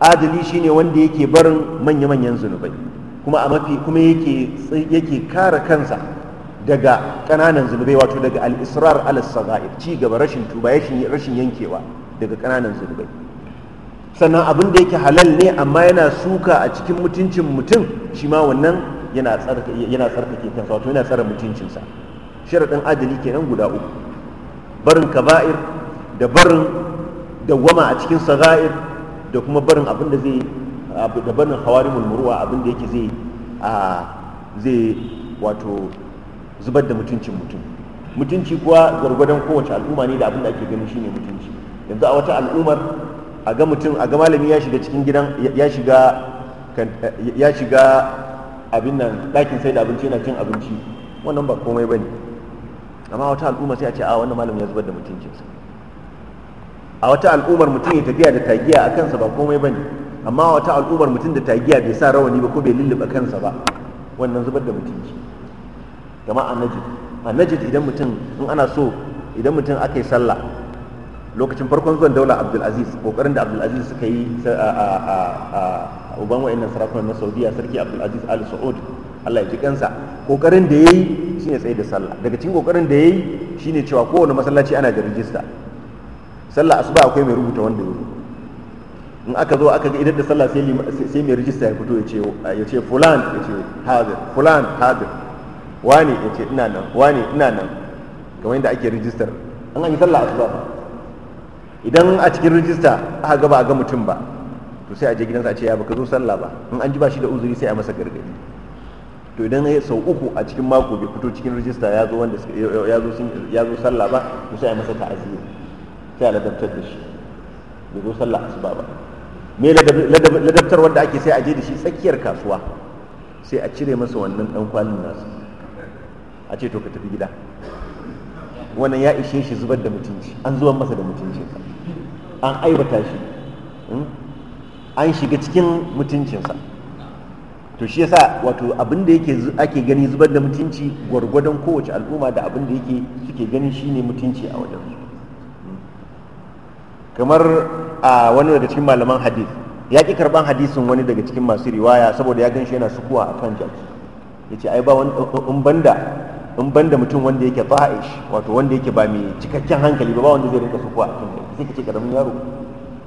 adali shine wanda yake barin manya-manyan zunubai kuma a mafi kuma yake kara kansa daga ƙananan zunubai wato daga al-israr ala ci gaba rashin tuba rashin yankewa daga ƙananan zunubai sannan abin da yake halal ne amma yana suka a cikin mutuncin mutum shi ma wannan yana tsarkake kansa wato yana tsara mutuncinsa sharaɗin adali kenan guda uku barin kaba'ir da barin dawwama a cikin sagair da kuma barin abin da zai da barin hawarimul muru'a abin da yake zai zai wato zubar da mutuncin mutum mutunci kuwa gwargwadon kowace al'umma ne da abin da ake ganin shine mutunci yanzu a wata al'ummar a ga mutum a ga malami ya shiga cikin gidan ya shiga ya shiga abin nan ɗakin sai da abinci yana cin abinci wannan ba komai bane amma wata al'umma sai a ce a wannan malamin ya zubar da mutuncinsa a wata al'ummar mutum ya tafiya da tagiya a kansa ba komai ba ne amma a wata al'ummar mutum da tagiya bai sa rawani ba ko bai lullube kansa ba wannan zubar da mutunci gama a najid a najid idan mutum in ana so idan mutum aka yi sallah lokacin farkon zuwan daular abdulaziz kokarin da abdulaziz suka yi a uban wa'annan sarakunan na saudiya sarki abdulaziz ali saud allah ya ji kansa kokarin da ya yi shine tsaye da sallah daga cikin kokarin da ya yi shine cewa kowane masallaci ana da rijista sallah asuba akwai mai rubuta wanda ya in aka zo aka ga idan da sallah sai mai rijista ya fito ya ce fulan ya ce hadir fulan hadir wani ya ce ina nan wani ina nan kamar yadda ake rijistar an an yi sallah asuba ba idan a cikin rijista aka ga ba a ga mutum ba to sai a je gidansa a ce ya baka zo sallah ba in an ji ba shi da uzuri sai a masa gargadi to idan ya sau uku a cikin mako bai fito cikin rijista ya zo wanda ya zo sallah ba to sai a masa ta'aziyya sai ladabtar da shi bai zo sallah asuba ba me ladabtar wanda ake sai a je da shi tsakiyar kasuwa sai a cire masa wannan dan kwalin nasu a ce to ka tafi gida wannan ya ishe shi zubar da mutunci an zuwan masa da mutuncinsa an aibata shi hmm? an shiga cikin mutuncinsa to shi yasa wato abin da yake ake gani zubar da mutunci gwargwadon kowace al'umma da abin da yake suke gani shine mutunci a wajen kamar a wani daga cikin malaman hadis ya ƙi karban hadisin wani daga cikin masu riwaya saboda ya gan shi yana sukuwa a kan jaki ya ce ai ba in banda in banda mutum wanda yake fa'ish wato wanda yake ba mai cikakken hankali ba ba wanda zai rinka sukuwa a kan jaki sai ka ce karamin yaro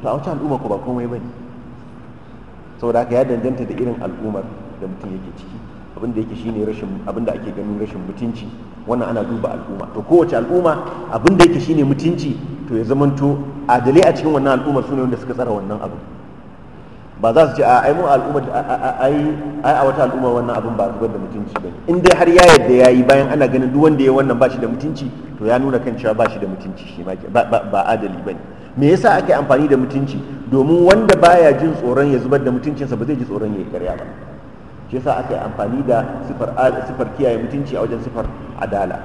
to a wata al'umma ko ba komai ba ne saboda haka ya danganta da irin al'ummar da mutum yake ciki abinda yake shine rashin abinda ake ganin rashin mutunci wannan ana duba al'umma to kowace al'umma abin da yake shine mutunci to ya zamanto adalai a cikin wannan al'umma sune wanda suka tsara wannan abu ba za su ce ai mu al'umma ai ai a wata al'umma wannan abin ba zubar da mutunci bane in dai har ya yadda yayi bayan ana ganin duk wanda ya wannan bashi da mutunci to ya nuna kan cewa bashi da mutunci shi ma ba adali bane me yasa ake amfani da mutunci domin wanda baya jin tsoron ya zubar da mutuncinsa ba zai ji tsoron ya yi karya ba shi yasa aka yi amfani da sifar kiyaye mutunci a wajen sifar adala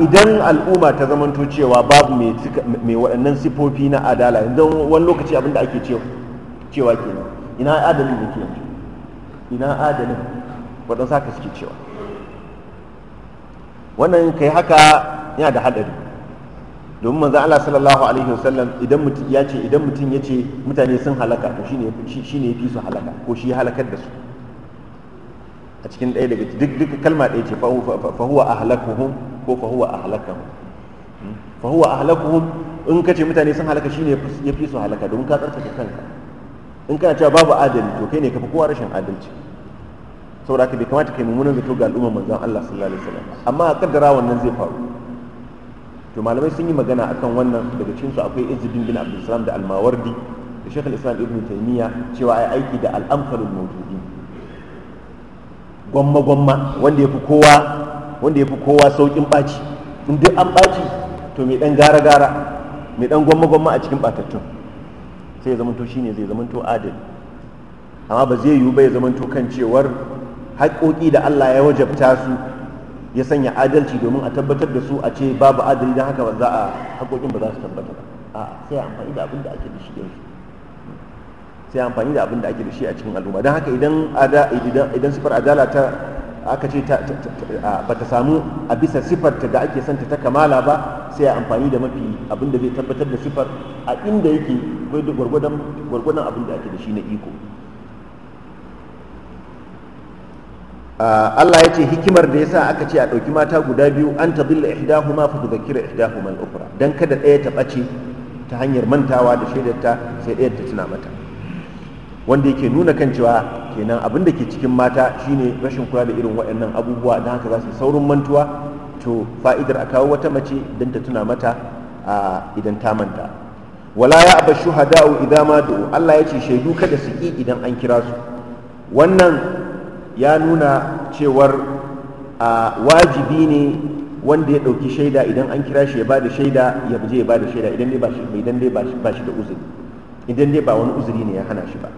idan al'umma ta zamanto cewa babu mai waɗannan sifofi na adala idan wani lokaci abinda ake cewa kenan ina adalin yake yanzu ina adalin waɗansu haka suke cewa wannan kai haka yana da haɗari domin manzo Allah sallallahu alaihi wasallam idan mutum ya ce idan mutum ya ce mutane sun halaka to shine shine yafi su halaka ko shi halakar da su a cikin ɗaya daga duk duk kalma ɗaya ce fahuwa a halakuhun ko fahuwa a halakuhun hmm? fahuwa a halakuhun in ka ce mutane sun halaka ne ya fi su halaka don ka tsarkake kanka in kana cewa babu adali to kai ne ka fi kowa rashin adalci saboda ka bai kamata kai mummunan zato ga al'ummar manzon Allah sallallahu alaihi wasallam amma a kaddara wannan zai faru to malamai sun yi magana akan wannan daga cikin su akwai Izzuddin bin Abdul Salam da Al-Mawardi da Sheikh al-Islam Ibn Taymiyyah cewa ai aiki da al-amsalul mawjudin gwamma gwamma wanda ya fi kowa wanda ya fi kowa saukin ɓaci in duk an ɓaci to mai ɗan gara gara mai ɗan gwamma gwamma a cikin ɓatattun sai ya zamanto shine zai zamanto adali amma ba zai yiwu ba ya zamanto kan cewar haƙoƙi da Allah ya wajabta su ya sanya adalci domin a tabbatar da su a ce babu adali don haka ba za a haƙoƙin ba za su tabbata ba a sai amfani da abin da ake da shi yanzu sai amfani da abin da ake da shi a cikin al'umma don haka idan idan sifar adala ta aka ce ba ta samu a bisa sifar ta da ake santa ta kamala ba sai amfani da mafi abin da zai tabbatar da sifar a inda yake gwargwadon abin da ake da shi na iko Allah ya ce hikimar da ya sa aka ce a ɗauki mata guda biyu an ta zilla ihdahuma fa tudhakkira ihdahuma al-ukhra dan kada ɗaya ta ɓace ta hanyar mantawa da shaidarta sai ɗaya ta tuna mata wanda yake nuna kan cewa kenan abin da ke cikin mata shine rashin kula da irin waɗannan abubuwa don haka za su saurin mantuwa to fa'idar a kawo wata mace don ta tuna mata a idan ta manta wala ya aba shuhada'u idan ma da'u Allah ya ce shaidu kada su ki idan an kira su wannan ya nuna cewar wajibi ne wanda ya ɗauki shaida idan an kira shi ya ba da shaida ya je ya ba da shaida idan dai ba shi da uzuri idan dai ba wani uzuri ne ya hana shi ba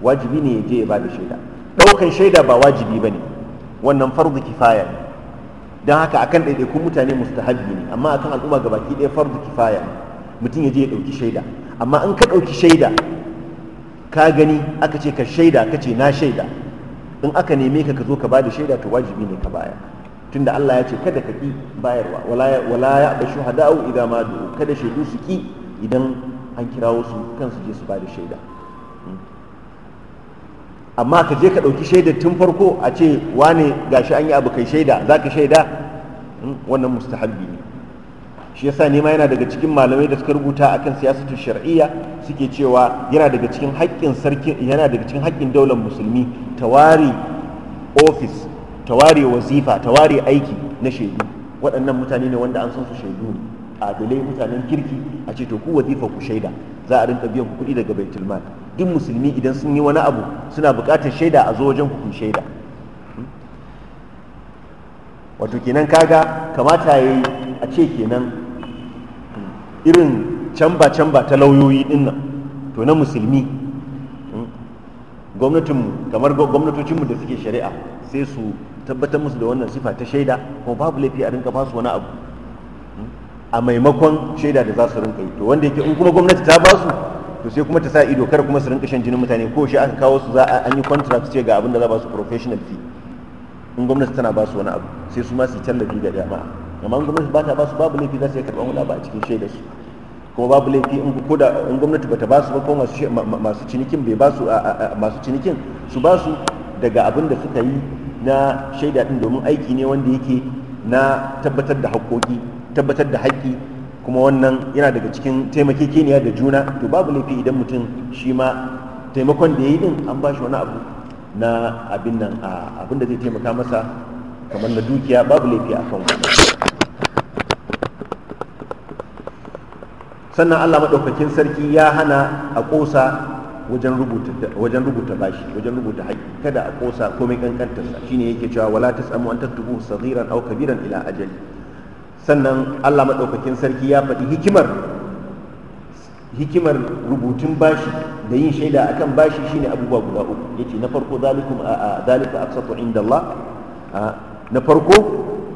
wajibi ne ya je ya ba da shaida ɗaukan shaida ba wajibi ba ne wannan farzu kifaya ne don haka akan ɗaiɗaikun mutane mustahabi ne amma akan al'umma ga baki ɗaya farzu kifaya ne mutum ya je ya ɗauki shaida amma in ka ɗauki shaida ka gani aka ce ka shaida ka ce na shaida in aka neme ka ka zo ka bada shaida to wajibi ne ka bayar tunda Allah ya ce kada ka ki bayarwa wala ya ba shuhada'u idan ma kada shaidu su ki idan an kirawo su kansu je su ba da shaida amma ka je ka ɗauki shaida tun farko a ce wane gashi an yi abu kai shaida za ka shaida hmm, wannan mustahabbi ne shi yasa nema yana daga cikin malamai da suka rubuta akan siyasatu shar'iyya suke cewa yana daga cikin haƙƙin sarki yana daga cikin haƙƙin daular musulmi tawari ofis tawari wazifa tawari aiki na shaidu waɗannan mutane ne wanda an san su shaidu ne adalai mutanen kirki a ce to ku wazifa ku shaida za a rinka biyan kuɗi daga baitulmal duk musulmi idan sun yi wani abu suna buƙatar shaida a zo wajen hukun shaida wato kenan kaga kamata ya yi a ce kenan irin canba-canba ta lauyoyi dinnan to na musulmi gwamnatinmu kamar gwamnatocinmu da suke shari'a sai su tabbatar musu da wannan sifa ta shaida ko babu laifi a rinka basu wani abu a maimakon shaida da za su rinka yi to wanda yake in kuma gwamnati ta basu to sai kuma ta sa ido kar kuma su rinka shan jinin mutane ko shi aka kawo su za a an yi contract ce ga abin da za ba su professional fee in gwamnati tana ba su wani abu sai su ma su tallafi ga jama'a amma gwamnati ba ta ba su babu laifi za su iya karɓar wani abu a cikin shaidar su kuma babu laifi in ko da in gwamnati bata ba su ba ko masu masu cinikin bai ba su masu cinikin su ba su daga abin da suka yi na shaida din domin aiki ne wanda yake na tabbatar da haƙƙoƙi tabbatar da haƙƙi kuma wannan yana daga cikin taimakekeniya da juna to babu laifi idan mutum shi ma taimakon da ya yi din an ba shi wani abu na abin nan a abin da zai taimaka masa kamar na dukiya babu laifi a kan wani sannan allah maɗaukakin sarki ya hana a ƙosa wajen rubuta bashi wajen rubuta haƙi kada a ƙosa komai ƙanƙantarsa shine yake cewa wala ta tasamu an tattubu saghiran au kabiran ila ajali sannan Allah maɗaukakin sarki ya faɗi hikimar hikimar rubutun bashi da yin shaida akan bashi shine abubuwa guda uku yace na farko zalikum a zalika aqsatu inda Allah na farko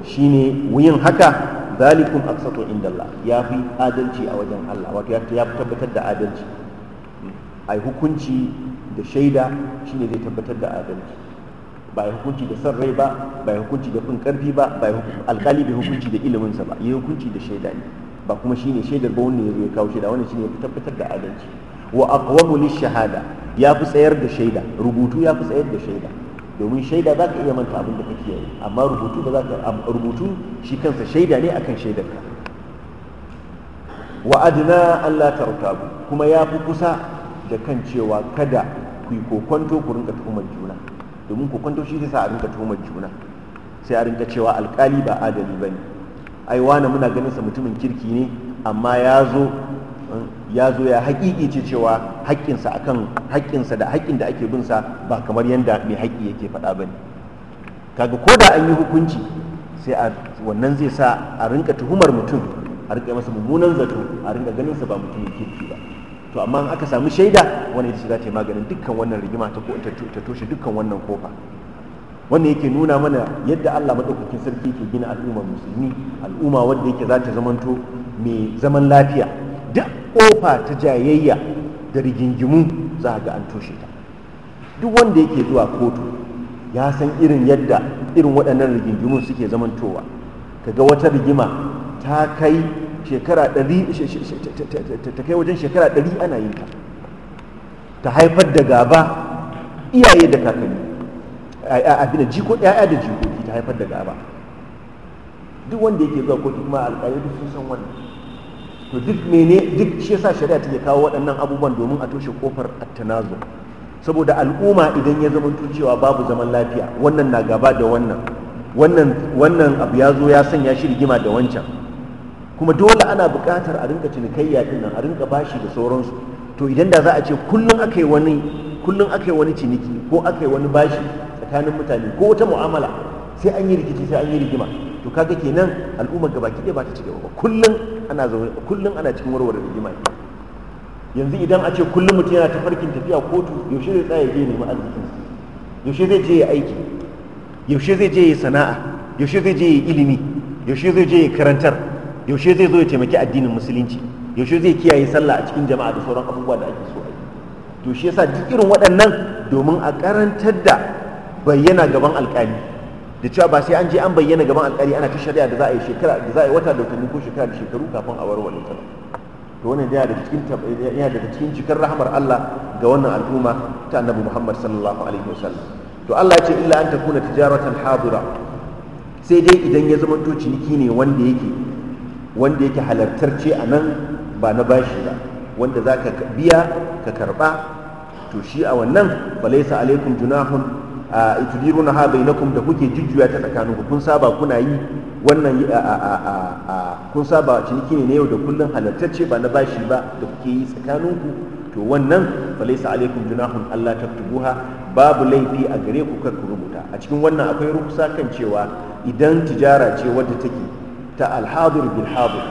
shine wuyin haka zalikum aqsatu inda Allah ya fi adalci a wajen Allah wato ya tabbatar da adalci ai hukunci da shaida shine zai tabbatar da adalci ba ya hukunci da son rai ba ba ya hukunci da fin karfi ba ba alkali bai hukunci da iliminsa ba ya hukunci da shaida ne ba kuma shine shaidar ba wanda ya zo kawo shaida wanda shine ya tabbatar da adalci wa aqwamu lishahada ya fi tsayar da shaida rubutu ya fi tsayar da shaida domin shaida za ka iya manta abin da kake yi amma rubutu ba za ka rubutu shi kansa shaida ne akan shaidar ka wa adna Allah tartabu kuma ya fi kusa da kan cewa kada ku yi kokonto ku rinka tuhumar juna domin kwanto shi zai sa a rinka tuhumar juna sai a rinka cewa alkali ba adali ba ne ai wani muna ganin sa mutumin kirki ne amma ya zo ya zo ya haƙiƙi ce cewa haƙƙinsa akan haƙƙinsa da haƙƙin da ake bin sa ba kamar yadda mai haƙƙi yake faɗa ba ne kaga ko da an yi hukunci sai a wannan zai sa a rinka tuhumar mutum a rinka masa mummunan zato a rinka ganin sa ba mutumin kirki ba to amma in aka samu shaida wani ita ce za ta yi maganin dukkan wannan rigima ta toshe dukkan wannan kofa wannan yake nuna mana yadda Allah maɗaukakin sarki ke gina al'ummar musulmi al'umma wadda yake za ta zamanto mai zaman lafiya duk kofa ta jayayya da rigingimu za ga an toshe ta duk wanda yake zuwa kotu ya san irin yadda irin waɗannan rigingimun suke zamantowa kaga wata rigima ta kai shekara ɗari ta kai wajen shekara ɗari ana yin ta ta haifar da gaba iyaye da kakanni abin jiko ya'ya da jikoki ta haifar da gaba duk wanda yake zuwa kotu kuma alƙalai duk sun san wannan to duk mene duk shi yasa shari'a take kawo waɗannan abubuwan domin a toshe kofar attanazo saboda al'umma idan ya zama cewa babu zaman lafiya wannan na gaba da wannan wannan wannan abu ya zo ya sanya shi rigima da wancan kuma dole ana buƙatar a rinka cinikayya din nan a rinka bashi da sauransu to idan da za a ce kullum aka yi wani kullum aka yi wani ciniki ko aka yi wani bashi tsakanin mutane ko wata mu'amala sai an yi rikici sai an yi rigima to kaga kenan al'ummar gabaki ɗaya ba ta ci gaba ba kullum ana zaune kullum ana cikin warware rigima yanzu idan a ce kullum mutum yana tafarkin tafiya kotu yaushe zai tsaya je nemi arzikin yaushe zai je ya aiki yaushe zai je ya sana'a yaushe zai je ya ilimi yaushe zai je ya karantar yaushe zai zo ya taimaki addinin musulunci yaushe zai kiyaye sallah a cikin jama'a da sauran abubuwa da ake so a yi to shi yasa duk irin waɗannan domin a karantar da bayyana gaban alƙali da cewa ba sai an je an bayyana gaban alƙali ana ta shari'a da za a yi shekara da za a yi wata da watanni ko shekara da shekaru kafin a warware ta to wannan yana daga cikin yana daga cikin cikar rahmar Allah ga wannan al'umma ta Annabi Muhammad sallallahu alaihi wasallam to Allah ya ce illa an takuna tijaratan hadira sai dai idan ya zama to ciniki ne wanda yake wanda yake halartar ce a nan ba na bashi ba wanda za ka biya ka karba to shi a wannan balaisa alaikum junahun a itudiru na da kuke jujjuya ta tsakaninku kun saba kuna yi wannan kun saba ciniki ne na yau da kullun kullum ce ba na bashi ba da kuke yi tsakanin ku to wannan balaisa alaikum junahun Allah tubuha babu laifi a gare ku kar ku rubuta a cikin wannan akwai rukusa kan cewa idan tijara ce wadda take ta alhadir bil hadir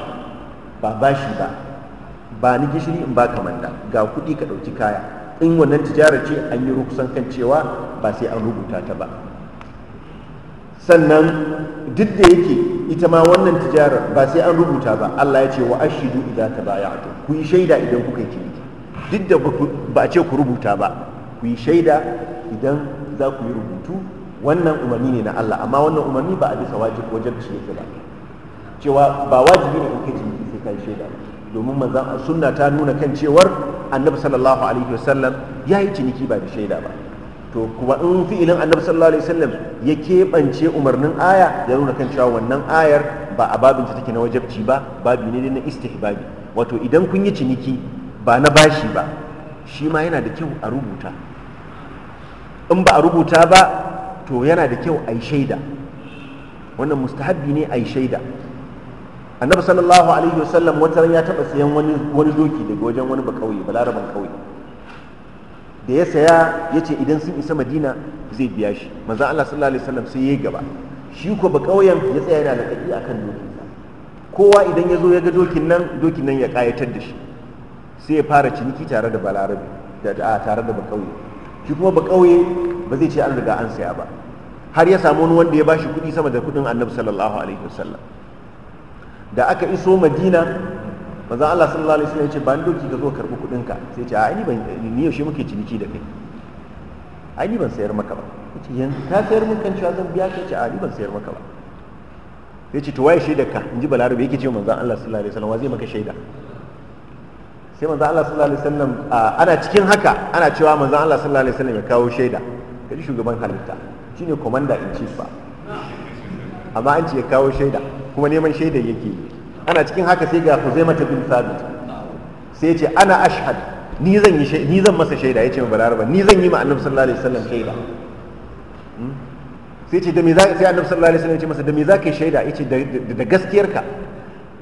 ba bashi ba ba ni gishiri in baka manda ga kuɗi ka ɗauki kaya in wannan tijara ce an yi rukusan kan cewa ba sai an rubuta ta ba sannan duk da yake ita ma wannan tijarar ba sai an rubuta ba Allah ya ce wa ashidu idza tabaya'tum ku yi shaida idan kuka yi duk da ba ce ku rubuta ba ku yi shaida idan za ku yi rubutu wannan umarni ne na Allah amma wannan umarni ba a bisa wajib wajen ce ba cewa ba wajibi ne in ka sai ka shaida domin manzan sunna ta nuna kan cewar annabi sallallahu alaihi wasallam ya yi ciniki ba da shaida ba to kuma in fi'ilin annabi sallallahu alaihi wasallam ya keɓance umarnin aya ya nuna kan cewa wannan ayar ba a babinta take na wajabci ba babi ne na istihbabi wato idan kun yi ciniki ba na bashi ba shi ma yana da kyau a rubuta in ba a rubuta ba to yana da kyau a yi shaida wannan mustahabbi ne a yi shaida annabi sallallahu alaihi wasallam wata ran ya taba sayan wani wani doki daga wajen wani ba kauye balaraban kauye da ya saya ya ce idan sun isa madina zai biya shi manzo Allah sallallahu alaihi wasallam sai yi gaba shi ko ba kauyen ya tsaya yana da akan dokin kowa idan ya zo ya ga dokin nan dokin nan ya kayatar da shi sai ya fara ciniki tare da balarabe da tare da bakauye shi kuma bakauye ba zai ce an riga an saya ba har ya samu wani wanda ya bashi kuɗi sama da kuɗin annabi sallallahu alaihi wasallam da aka iso madina maza Allah sallallahu alaihi wasallam ya ce ba ni doki ka zo karbi kudin ka sai ce ai ni ban ni yaushe muke ciniki da kai ai ni ban sayar maka ba yace yanzu ka sayar min kan cewa zan biya ka ce ai ni ban sayar maka ba yace to waye shaida ka inji balarabe yake ce manzo Allah sallallahu alaihi wasallam wa zai maka shaida sai manzo Allah sallallahu alaihi wasallam ana cikin haka ana cewa manzo Allah sallallahu alaihi wasallam ya kawo shaida kaji shugaban halitta shine commander in chief ba amma an ce ya kawo shaida kuma neman shaidar yake yi ana cikin haka sai ga ku zai mata bin Thabit sai ya ce ana ashhad ni zan yi ni zan masa shaida yace min balaraba ni zan yi ma Annabi sallallahu alaihi wasallam shaida hmm? sai ce da me za sai Annabi sallallahu alaihi wasallam ya ce masa da me za ka shaida yace da gaskiyarka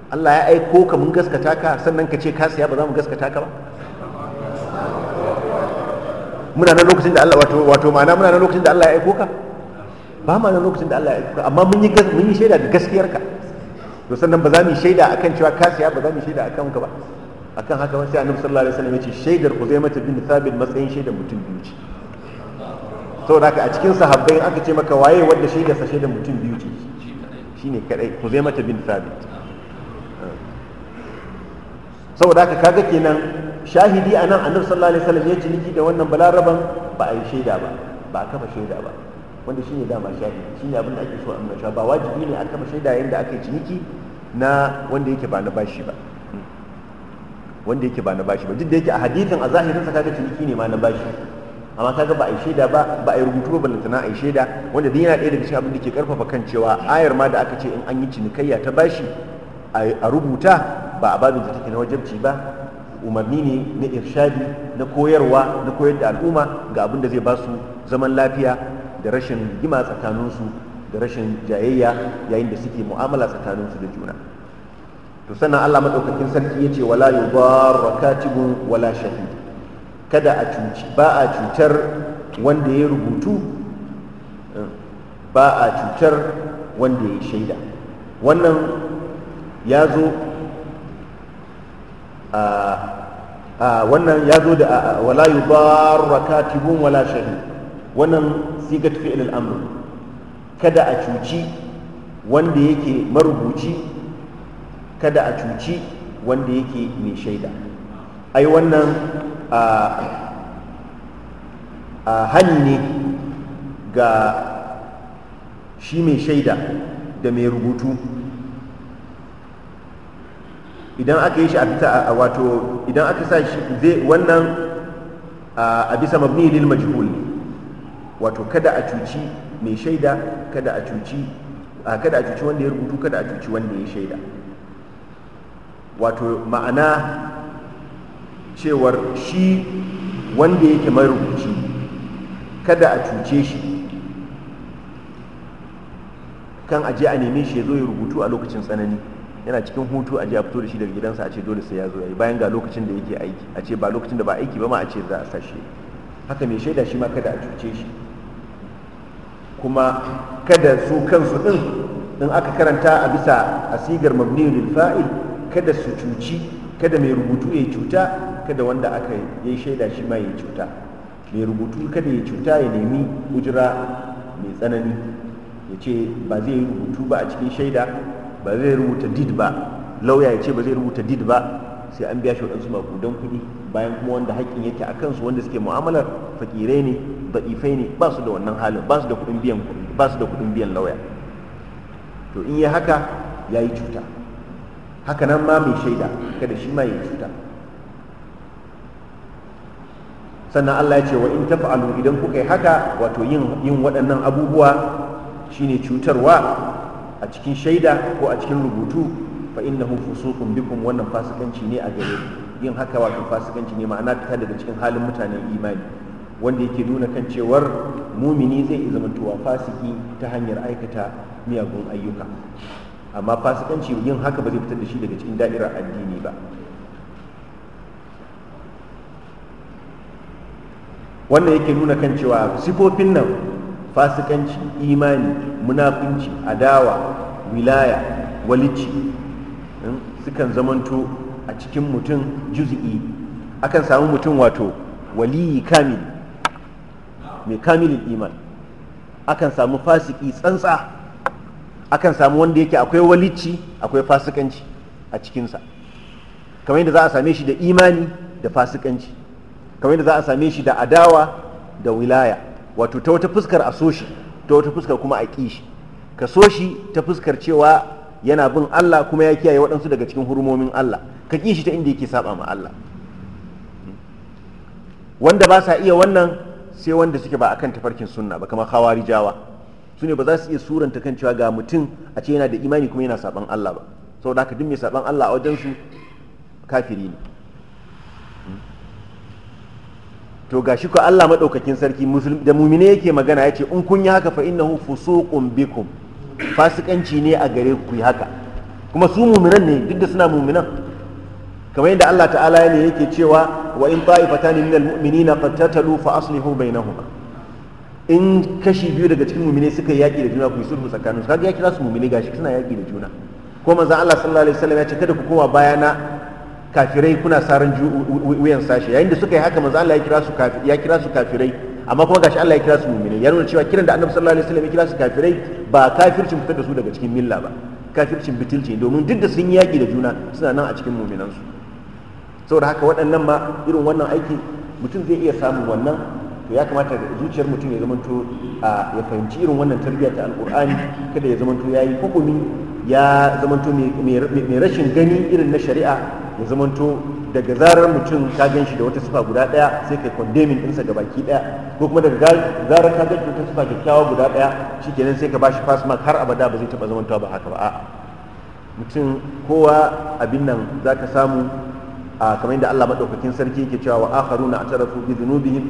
Allah ya aiko ka mun gaskata ka sannan ka ce ka siya ba za mu gaskata ka ba muna nan lokacin da Allah wato wato ma'ana muna nan lokacin da Allah ya aiko ka ba ma nan lokacin da Allah ya amma mun yi mun yi shaida da gaskiyarka to sannan ba za mu yi shaida akan cewa ka siya ba za mu yi shaida akan ka ba akan haka sai annabi sallallahu alaihi wasallam ya ce shaidar Uzaymah bin Thabit matsayin shaidar mutum biyu ce saboda haka a cikin sahabbai aka ce maka waye wanda shaidarsa shaidar mutum biyu ce shine kadai Uzaymah bin Thabit saboda haka kaga kenan shahidi anan annabi sallallahu alaihi wasallam ya niki da wannan balaraban ba a yi shaida ba ba a kafa shaida ba wanda shine dama shafi shine abin da ake so a nuna ba wajibi ne a kama shaida yadda da aka yi ciniki na wanda yake ba na bashi ba wanda yake ba na bashi ba duk da yake a hadithin a zahirin sa kaga ciniki ne ma na bashi amma kaga ba a yi shaida ba ba a yi rubutu ba na a yi shaida wanda duk yana ɗaya daga cikin abin da ke karfafa kan cewa ayar ma da aka ce in an yi cinikayya ta bashi a rubuta ba a babin take na wajabci ba umarni ne na irshadi na koyarwa na koyar da al'umma ga abin da zai ba su zaman lafiya da rashin gima tsakaninsu da rashin jayayya yayin da suke mu'amala tsakaninsu da juna to sannan Allah maɗaukakin sarki ya yace wala yudarra katibun wala shafi kada a cuci ba a cutar wanda ya rubutu eh, ba a cutar wanda ya shaida wannan ya zo a wannan ya zo da wala yudarra katibun wala shahid wannan sigat fi'il al-amr kada a cuci wanda yake marubuci kada a cuci wanda yake mai shaida ai wannan a hani ne ga shi mai shaida da mai rubutu idan aka yi shi a fita wato idan aka sa shi zai wannan a bisa mabni lil majhul ne wato kada a cuci mai shaida kada a cuci kada a cuci wanda ya rubutu kada a cuci wanda ya shaida wato ma'ana cewar shi wanda yake marubuci kada a cuce shi kan aje a neme shi ya zo ya rubutu a lokacin tsanani yana cikin hutu a a fito da shi daga gidansa a ce dole sai ya zo ya yi bayan ga lokacin da yake aiki a ce ba lokacin da ba aiki ba ma a ce za a sashe haka mai shaida shi ma kada a cuce shi kuma kada su kansu ɗin, in aka karanta a bisa asigar mabniyu lil fa'il kada su cuci kada mai rubutu ya cuta kada wanda aka yi shaida shi ma ya cuta mai rubutu kada ya cuta ya nemi ujira mai tsanani ya ce ba zai yi rubutu ba a cikin shaida ba zai rubuta did ba lauya ya ce ba zai rubuta did ba sai an biya shi waɗansu makudan kuɗi bayan kuma wanda haƙƙin yake a kansu wanda suke mu'amalar fakirai ne da'ifai ne ba su da wannan halin ba su da kudin biyan ba su da kudin biyan lauya to in yi haka ya yi cuta haka nan ma mai shaida kada shi ma ya yi cuta sannan Allah ya ce wa in fa'alu idan kuka yi haka wato yin yin waɗannan abubuwa shine cutarwa a cikin shaida ko a cikin rubutu fa innahu fusuqun bikum wannan fasikanci ne a gare yin haka wato fasikanci ne ma'ana ta daga cikin halin mutanen imani wanda yake nuna kan cewar mumini zai iya zamantowa fasiki ta hanyar aikata miyagun ayyuka amma fasikanci yin haka ba zai fitar da shi daga cikin da'irar addini ba wannan yake nuna kan cewa sifofin nan fasikanci imani munafunci adawa wilaya walici hmm, sukan zamanto a cikin mutum juzi'i akan samu mutum wato waliyi kamili mai kamilin iman akan samu fasiki tsantsa akan samu wanda yake akwai walici akwai fasikanci a cikinsa kamar yadda za a same shi da imani da fasikanci kamar yadda za a same shi da adawa da wilaya wato ta wata fuskar a soshi ta wata fuskar kuma a kishi kasoshi ka soshi ta fuskar cewa yana bin Allah kuma ya kiyaye waɗansu daga cikin hurumomin Allah ka kishi ta inda yake saba ma Allah wanda ba sa iya wannan sai wanda suke ba akan tafarkin sunna ba kamar Jawa su ne ba za su iya suranta kan cewa ga mutum a ce yana da imani kuma yana saban Allah ba saboda haka duk mai saban Allah a wajen su kafiri ne hmm? to gashi ko Allah madaukakin sarki da mumine yake magana ya ce in kun yi haka fa innahu fusuqun bikum fasikanci ne a gare ku yi haka kuma su muminan ne duk da suna muminan kamar yadda Allah ta'ala ne yake cewa wa in ta'ifatani minal mu'minina tatalu fa aslihu bainahuma in kashi biyu daga cikin mu'mini suka yi yaki da juna ku sulhu tsakanin su kaga ya za su mu'mini gashi suna yaki da juna ko manzo Allah sallallahu alaihi wasallam ya ce kada ku koma bayana kafirai kuna saran wuyan sashi yayin da suka yi haka manzo Allah ya kira su ya kira su kafirai amma kuma gashi Allah ya kira su mu'mini ya nuna cewa kiran da Annabi sallallahu alaihi wasallam ya kira su kafirai ba kafircin fitar da su daga cikin milla ba kafircin bitilci domin duk da sun yaki da juna suna nan a cikin mu'minansu saboda haka waɗannan ma irin wannan aiki mutum zai iya samun wannan to ya kamata zuciyar mutum ya zamanto a ya fahimci irin wannan tarbiyya ta alƙur'ani kada ya zamanto ya yi hukumi ya zamanto mai rashin gani irin na shari'a ya zamanto daga zarar mutum ka gan shi da wata sifa guda ɗaya sai kai condemning ɗinsa ga baki ɗaya ko kuma daga zarar ka gan shi wata sifa kyakkyawa guda ɗaya kenan sai ka bashi fasmak har abada ba zai taɓa zamantawa ba haka ba a'a mutum kowa abin nan za ka samu kamar yadda Allah madaukakin sarki yake cewa wa akharuna atarafu bi dhunubihim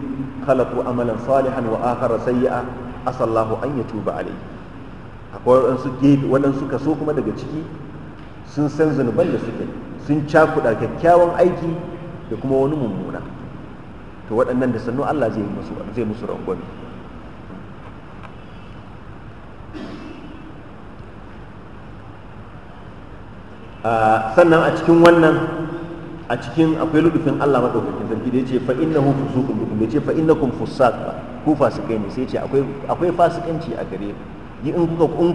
khalaqu amalan salihan wa akhara sayyi'a asallahu an yatuba alayhi akwai wadansu gefe wadansu kaso kuma daga ciki sun san zunuban da suke sun cakuɗa kyakkyawan aiki da kuma wani mummuna to waɗannan da sannu Allah zai musu zai musu rangwame sannan a cikin wannan a cikin akwai ludufin Allah madaukakin sarki da yace fa innahu fusuqun bikum yace fa innakum fusaq ku fasikai ne sai yace akwai akwai fasikanci a gare ku in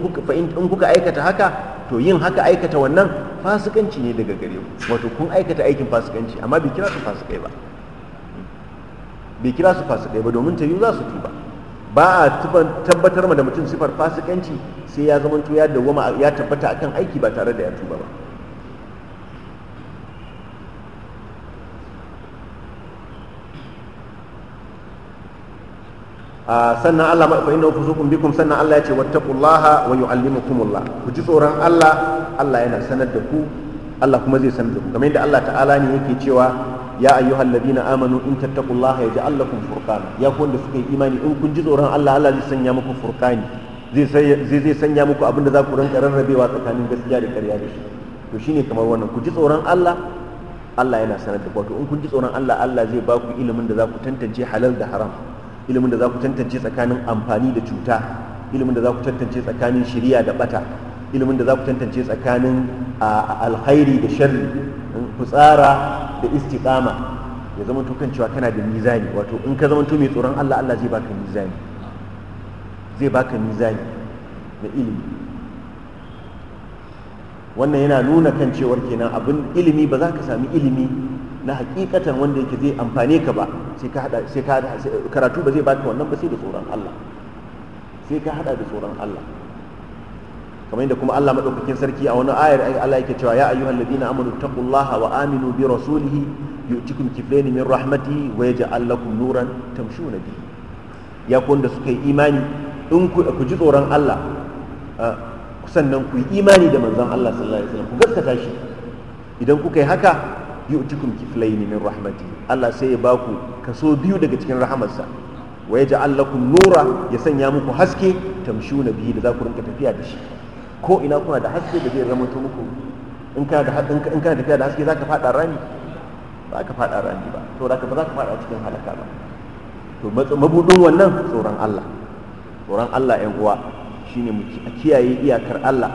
kuka in kuka in kuka aikata haka to yin haka aikata wannan fasikanci ne daga gare ku wato kun aikata aikin fasikanci amma bai kira su fasikai ba bai kira su fasikai ba domin ta yi za su tuba ba a tabbatar ma da mutum sifar fasikanci sai ya zama to ya dawwama ya tabbata akan aiki ba tare da ya tuba ba Ah, sannan Allah ma fa inna fusukum bikum sannan Allah ya ce wattaqullaha wa yu'allimukumullah ku ji tsoron Allah Allah yana sanar da ku Allah kuma zai sanar da ku kamar yadda Allah ta'ala ne yake cewa ya ayyuhal ladina amanu in tattaqullaha yaj'al lakum furqana ya ku wanda suka yi imani in kun ji tsoron Allah Allah zai sanya muku furqani zai zai sanya muku abinda za ku rinka rarrabewa tsakanin gaskiya da ƙarya da shi to shine kamar wannan ku ji tsoron Allah Allah yana sanar da ku to in kun ji tsoron Allah Allah zai ba ku ilimin da za ku tantance halal da haram ilimin da za ku tantance tsakanin amfani da cuta ilimin da za ku tantance tsakanin shirya da bata ilimin da za ku tantance tsakanin alkhairi da sharri fitsara da istiqama ya zama tukan cewa kana da mizani wato in ka zama mai tsoron Allah Allah zai baka mizani zai baka mizani na ilimi wannan yana nuna kan cewar kenan abin ilimi ba za ka sami ilimi na hakikatan wanda yake zai amfane ka ba sai ka hada sai ka karatu ba zai baka wannan ba sai da tsoron Allah sai ka hada da tsoron Allah kamar yadda kuma Allah madaukakin sarki a wani ayar Allah yake cewa ya ayyuhal ladina amanu taqullaha wa aminu bi rasulihi yu'tikum kiflayn min rahmatihi wa yaj'al lakum nuran tamshuna bihi ya ku wanda suka yi imani in ku ji tsoron Allah sannan ku yi imani da manzon Allah sallallahu alaihi wasallam ku gaskata shi idan kuka yi haka yu'tikum kiflayn min rahmati Allah sai ya baku kaso biyu daga cikin rahamarsa wa yaj'al lakum nura ya sanya muku haske tamshuna biyu da za ku rinka tafiya da shi ko ina kuna da haske da zai zama muku in kana da in kana tafiya da haske zaka fada rani ba ka fada rani ba to zaka ba zaka fada cikin halaka ba to mabudin wannan tsoron Allah tsoron Allah ɗan uwa shine mu kiyaye iyakar Allah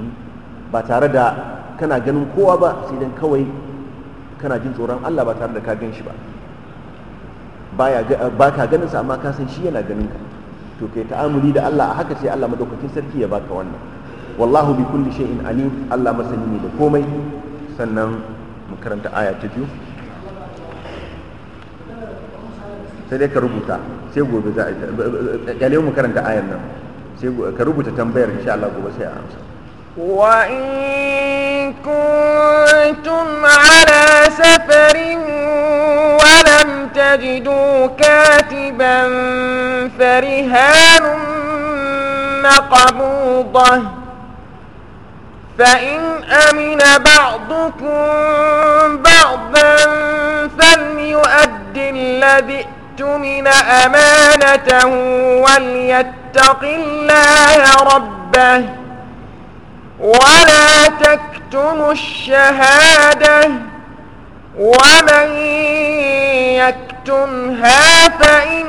hmm? ba tare da kana ganin kowa ba sai dan kawai kana jin tsoron Allah ba tare da ka gan shi ba ba ka ganin sa amma ka san shi yana ganin ka to kai ta'amuli da Allah a haka sai Allah madaukakin sarki ya baka wannan wallahu bi kulli shay'in alim Allah masani ne da komai sannan mu karanta aya ta biyu sai dai ka rubuta sai gobe za a kyale mu karanta ayar nan sai ka rubuta tambayar insha Allah gobe sai a amsa wa in kuntum ala سفر ولم تجدوا كاتبا فرهان مقبوضة فإن أمن بعضكم بعضا فليؤد الذي من أمانته وليتق الله ربه ولا تكتموا الشهاده ومن يكتمها فإنه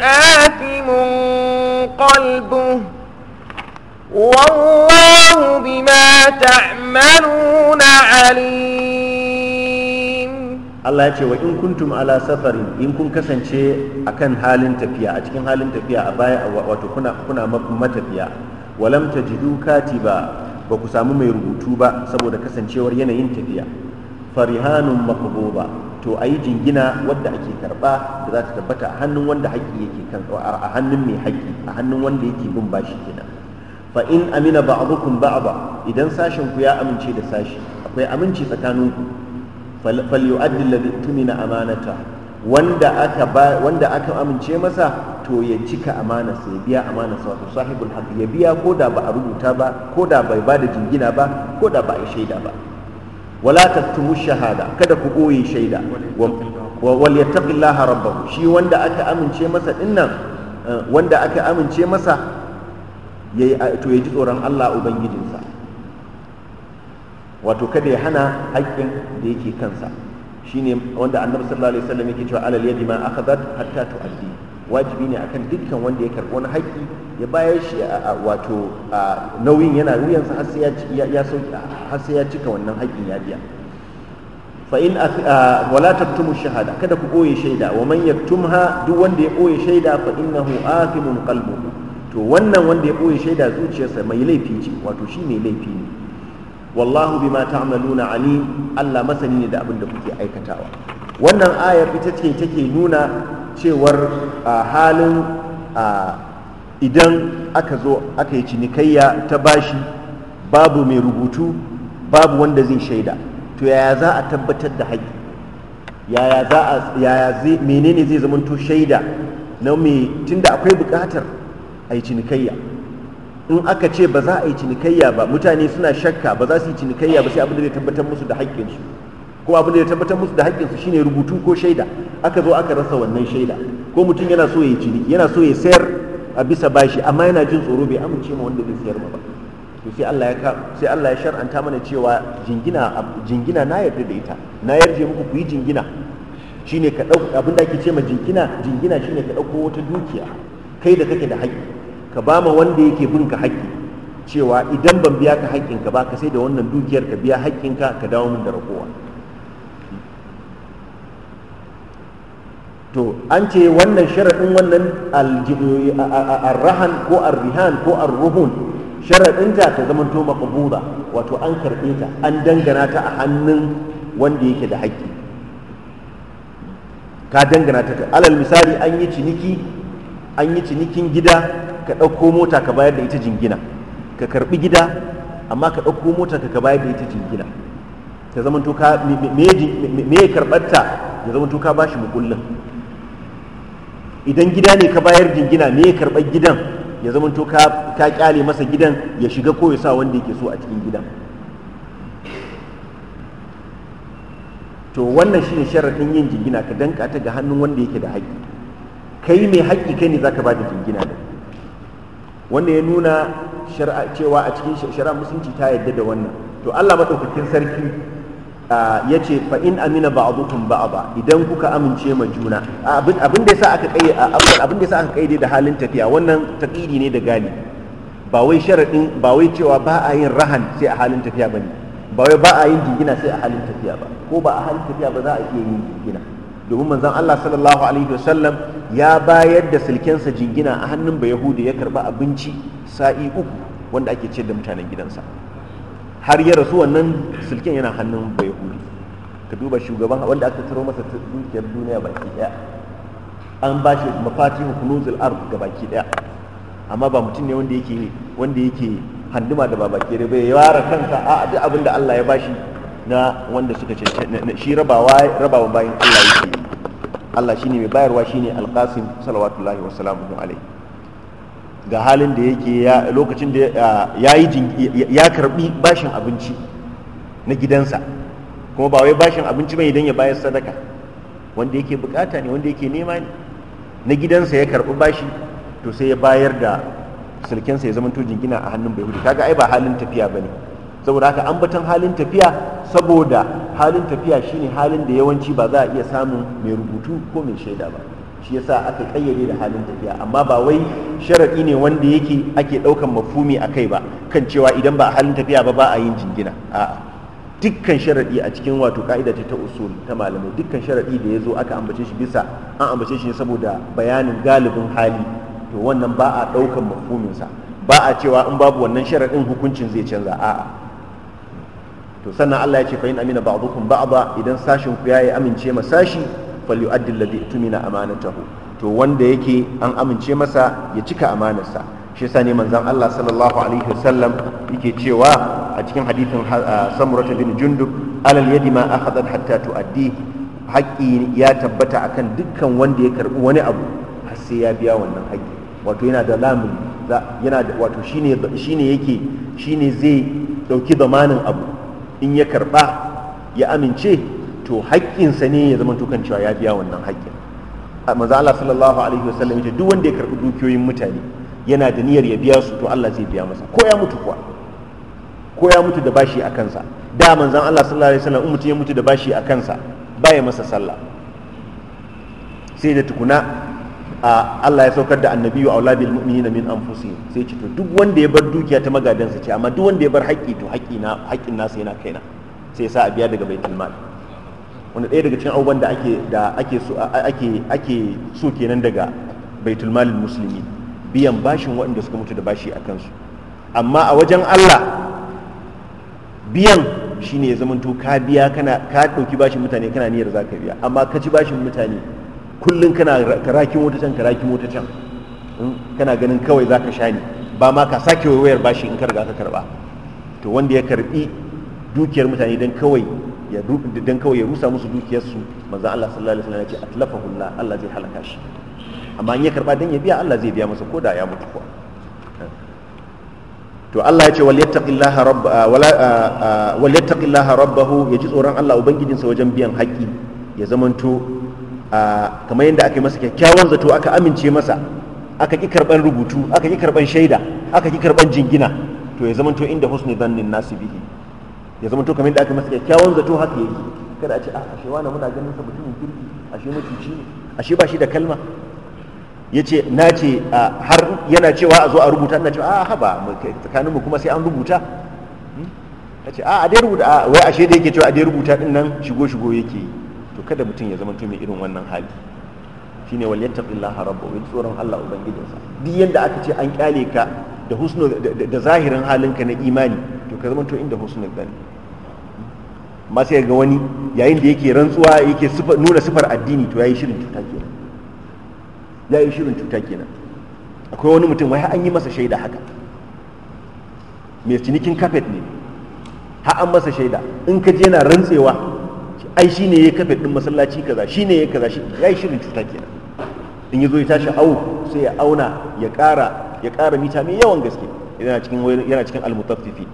آثم قلبه والله بما تعملون عليم الله ya ce wa in kuntum ala safarin in kun kasance akan halin tafiya a cikin halin tafiya a baya wato kuna kuna matafiya walam tajidu katiba ba ku samu mai rubutu ba saboda kasancewar yanayin tafiya farihanun ba to ayi jingina wadda ake karba da za ta tabbata a hannun wanda haƙƙi yake kan a hannun mai haƙƙi a hannun wanda yake bin bashi kenan fa in amina ba'dukum ba'da idan sashen ku ya amince da sashi akwai aminci tsakaninku falyu'addi alladhi tumina amanata wanda aka amince masa to ya cika amanarsa ya biya amanarsa wato sahibul haqq ya biya ko da ba a rubuta ba ko da bai ba da jingina ba ko da ba a shaida ba wala tattumu shahada kada ku goye shaida wa wal yattaqillaha rabbahu shi wanda aka amince masa dinnan eh, wanda aka amince masa yayi to ya ji tsoron Allah ubangijinsa wato kada ya hana haƙƙin da yake kansa shine wanda annabi sallallahu alaihi wasallam yake cewa alal yadi ma akhadhat hatta tu'addi wajibi ne akan dukkan wanda ya karbi wani haƙƙi ya bayar shi wato nauyin yana wuyansa har sai ya ya har sai ya cika wannan haƙƙin ya biya fa in wala taktumu shahada kada ku boye shaida wa man yaktumha duk wanda ya boye shaida fa innahu athimun qalbuhu to wannan wanda ya boye shaida zuciyarsa mai laifi ce wato shi mai laifi ne wallahu bima ta'maluna alim Allah masani ne da abin da kuke aikatawa wannan ayar ita ce take nuna cewar halin idan aka zo aka yi cinikayya ta bashi babu mai rubutu babu wanda zai shaida to yaya za a tabbatar da haƙƙi yaya za a yaya zai menene zai zamanto shaida na mai tunda akwai buƙatar a yi cinikayya in aka ce ba za a yi cinikayya ba mutane suna shakka ba za su yi cinikayya ba sai abin da zai tabbatar musu da haƙƙinsu ko abin da zai tabbatar musu da haƙƙinsu shine rubutu ko shaida aka zo aka rasa wannan shaida ko mutum yana so ya cini yana so ya sayar a bisa bashi amma yana jin tsoro bai amince ma wanda zai sayar ma ba to sai Allah ya sai Allah ya shar'anta mana cewa jingina jingina na yarda da ita na yarje muku ku yi jingina shine ka dauka abin da ake ce ma jingina jingina shine ka dauko wata dukiya kai da kake da haƙƙi ka ba ma wanda yake bin ka haƙƙi cewa idan ban biya ka haƙƙinka ba ka sai da wannan dukiyar ka biya haƙƙinka ka dawo min da rakowa to an ce wannan sharaɗin wannan arrahan ko arrihan ko arruhun sharaɗinta ta zama to wato an karɓe ta an dangana ta a hannun wanda yake da haƙƙi ka dangana ta alal misali an yi ciniki an yi cinikin gida ka ɗauko mota ka bayar da ita jingina ka karɓi gida amma ka ɗauko mota ka ka bayar da ita jingina ta zama to ka me ya karɓarta ya zama to ka ba shi mukullin idan gida ne ka bayar jingina me ya karɓar gidan ya zama to ka kyale masa gidan ya shiga ko ya sa wanda yake so a cikin gidan to wannan shine sharaɗin yin jingina ka danka ta ga hannun wanda yake da haƙƙi kai mai haƙƙi kai ne ka ba da jingina da wannan ya nuna cewa a cikin shari'a musulunci ta yadda da wannan to Allah madaukakin sarki ya ce fa in amina ba'dukum ba, idan kuka amince ma juna abin da ya sa aka kai abin da halin tafiya wannan taqidi ne da gali ba wai sharaɗin, ba wai cewa ba a yin rahan sai a halin tafiya ba ne. ba wai ba a yin jingina sai a halin tafiya ba ko ba a halin tafiya ba za a iya yin jingina domin manzon Allah sallallahu alaihi wasallam ya bayar da silkensa jingina a hannun ba yahudi ya karba abinci sa'i uku wanda ake ce da mutanen gidansa har ya rasu wannan silken yana hannun ba yahudi ka duba shugaban wanda aka taro masa dukiyar duniya baki daya an ba shi mafatihu kunuzul ard ga baki daya amma ba mutum ne wanda yake wanda yake handuma da ba da bai yara kansa a duk abin da Allah ya bashi na wanda suka ce shi rabawa rabawa bayan Allah yake Allah shine mai bayarwa shine alqasim salawatullahi wa sallam alaihi ga halin da yake ya lokacin da ya yi ya karbi bashin abinci na gidansa kuma ba wai bashin abinci bane idan ya bayar sadaka wanda yake bukata ne wanda yake nema ne na gidansa ya karbi bashi to sai ya bayar da sulkensa ya zama to jingina a hannun bai hudu kaga ai ba halin tafiya bane saboda haka ambaton halin tafiya saboda halin tafiya shine halin da yawanci ba za a iya samun mai rubutu ko mai shaida ba shi yasa aka kayyade da halin tafiya amma ba wai sharaɗi ne wanda yake ake ɗaukan mafumi a kai ba kan cewa idan ba a halin tafiya ba ba a yin jingina a'a dukkan sharaɗi a cikin wato ka'ida ta usul ta malamai dukkan sharaɗi da ya zo aka ambace shi bisa an ambace shi saboda bayanin galibin hali to wannan ba a daukan mafuminsa ba a cewa in babu wannan sharaɗin hukuncin zai canza a'a to sannan Allah ya ce fa in amina ba'dukum ba'da idan sashin ku yayi amince ma sashi falyu'addi alladhi tumina amanatahu to wanda yake an amince masa ya cika amanarsa shi yasa ne manzon Allah sallallahu alaihi wasallam yake cewa a cikin hadithin samurata bin jundub alal yadi ma akhadhat hatta tu'addi haƙƙi ya tabbata akan dukkan wanda ya karbi wani abu har sai ya biya wannan haƙƙi wato yana da lamun yana wato shine shine yake shine zai dauki zamanin abu in ya karba ya amince to haƙƙinsa ne ya zama tukan cewa ya biya wannan haƙƙin Maza Allah sallallahu alaihi wasallam ita duk wanda ya karɓi dukiyoyin mutane yana da niyyar ya biya su to Allah zai biya masa ko ya mutu kuwa ko ya mutu da bashi a kansa da manzan Allah sallallahu alaihi wasallam in mutum ya mutu da bashi a kansa baya masa sallah sai da tukuna Allah ya saukar da annabiyu aula bil mu'minina min anfusihim sai ce to duk wanda ya bar dukiya ta magadansa ce amma duk wanda ya bar haƙƙi to haƙƙi na haƙƙin nasa yana kaina sai ya sa a biya daga baitul mal wanda ɗaya daga cikin abubuwan da ake da ake so ake ake so kenan daga baitul mal musulmi biyan bashin waɗanda suka mutu da bashi a kansu amma a wajen Allah biyan shine ya zamantu ka biya kana ka ɗauki bashin mutane kana niyyar za biya amma ka ci bashin mutane kullum kana karakin wata can karakin wata can hmm? kana ganin kawai za ka sha ne ba ma ka sake wayar bashi in ka riga ka karba to wanda ya karbi dukiyar mutane don kawai ya dan kawai ya rusa musu dukiyarsu maza Allah sallallahu alaihi wasallam ya ce atlafahu Allah Allah zai halaka shi amma in ya karba dan ya biya Allah zai biya masa koda ya mutu kuwa hmm. to Allah ya ce wal yattaqillaha rabb ah, wala ah, ah, wal yattaqillaha rabbahu yaji tsoron Allah ubangijinsa wajen biyan haƙƙi ya zamanto kamar yadda aka yi masa kyakkyawan zato aka amince masa aka ki karban rubutu aka ki karban shaida aka ki karban jingina to ya zama to inda husni zannin nasu bihi ya zama to kamar yadda aka yi masa kyakkyawan zato haka yake kada a ce a ah, ashe wani muna ganin sa mutumin kirki ashe mutunci ne ashe ba shi da kalma ya ce na ce har yana cewa a zo a rubuta na ce a ah, haba mu kuma sai an rubuta hmm? a ce a ah, a dai rubuta wai ashe da yake cewa a dai rubuta din nan shigo shigo yake yi kada mutum ya zama mai irin wannan hali Shi ne wal yattaqillaha rabbahu yin tsoron Allah ubangijinsa duk yadda aka ce an kyale ka da husnu da zahirin halinka na imani to ka zama to inda husnul dhanni ma sai ga wani yayin da yake rantsuwa yake nuna sifar addini to yayi shirin cuta kenan yayi shirin cuta kenan akwai wani mutum wai an yi masa shaida haka mai cinikin kafet ne har an masa shaida in ka je yana rantsewa ai ne ya kafe ɗin masallaci kaza shi ne ya kaza shi ya yi shirin cuta kenan in zo ya tashi au sai ya auna ya ƙara ya ƙara mita mai yawan gaske yana cikin yana cikin almutaffifi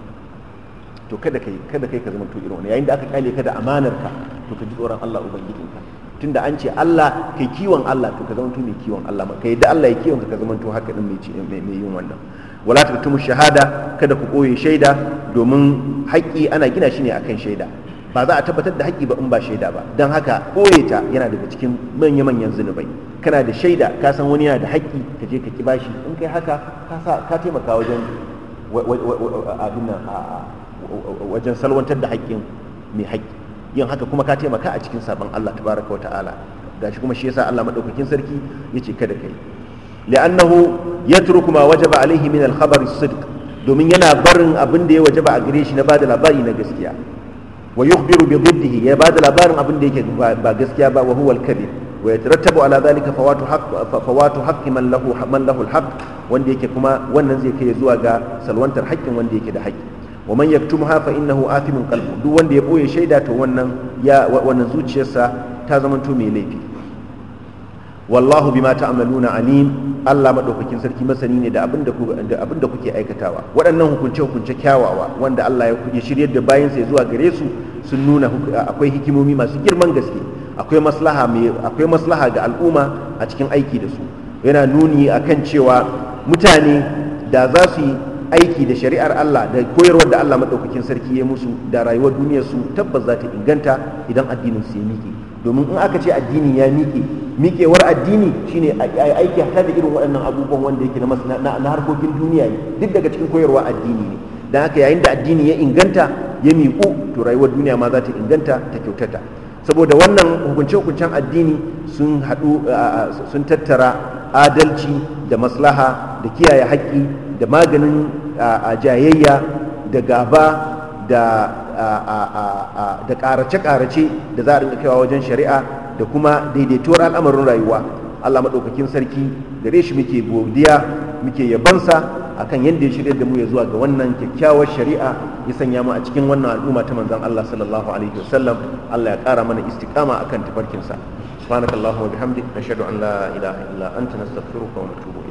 to kada kai kada kai ka zama to irin wannan yayin da aka kale ka da amanar ka to ka ji tsoron Allah ubangijinka tunda an ce Allah kai kiwon Allah to ka zama to mai kiwon Allah kai da Allah ya kiwon ka ka zama to haka din mai mai yin wannan wala ta tumu shahada kada ku koye shaida domin haƙƙi ana gina shi ne akan shaida ba za a tabbatar da haƙƙi ba in ba shaida ba don haka ɓoye ta yana daga cikin manya-manyan zunubai kana da shaida ka san wani yana da haƙƙi ka je ka ki bashi in kai haka ka taimaka wajen wajen salwantar da haƙƙin mai haƙƙi yin haka kuma ka taimaka a cikin sabon Allah tabaraka wa ta'ala gashi kuma shi yasa Allah madaukakin sarki yace kada kai li'annahu yatruku ma wajaba alaihi min al-khabar as-sidq domin yana barin abin da ya wajaba a gare shi na bada labari na gaskiya wa yukhbiru bi diddihi ya bada labarin abin da yake ba gaskiya ba wa huwa al-kadhib wa yatarattabu ala dhalika fawatu haqq fawatu haqqi man lahu man lahu al-haqq wanda yake kuma wannan zai kai zuwa ga salwantar haƙƙin wanda yake da haƙƙi wa man yaktumha fa innahu athimun qalbu duk wanda ya boye shaida to wannan zuciyarsa ta zamanto mai laifi wallahu bima ta'maluna alim Allah madaukakin sarki masani ne da abin da kuke aikatawa waɗannan hukunce hukunce kyawawa wanda Allah ya shiryar da bayan sai zuwa gare su sun nuna akwai hikimomi masu girman gaske akwai maslaha akwai maslaha ga al'umma a cikin aiki da su yana nuni akan cewa mutane da za su yi aiki da shari'ar Allah da koyarwar da Allah madaukakin sarki ya musu da rayuwar duniyar su tabbas za ta inganta idan addinin su ya miƙe domin in aka ce addini ya miƙe miƙewar addini shine aiki hata da irin waɗannan abubuwan wanda yake na harkokin duniya ne duk daga cikin koyarwa addini ne don haka yayin da addini ya inganta ya miƙu to rayuwar duniya ma za ta inganta ta kyautata saboda wannan hukunce-hukuncen addini sun haɗu sun tattara adalci da maslaha da kiyaye haƙƙi da maganin jayayya da gaba da da ƙarace-ƙarace da za a rinka kaiwa wajen shari'a da kuma daidaituwar al'amarin rayuwa allah maɗaukakin sarki gare shi muke godiya muke yabansa akan yadda ya shirya da mu ya zuwa ga wannan kyakkyawar shari'a ya sanya mu a cikin wannan al'umma ta manzon allah sallallahu alaihi wasallam allah ya ƙara mana istiƙama akan tafarkinsa subhanakallahumma bihamdik nashhadu an la ilaha illa anta nastaghfiruka wa natubu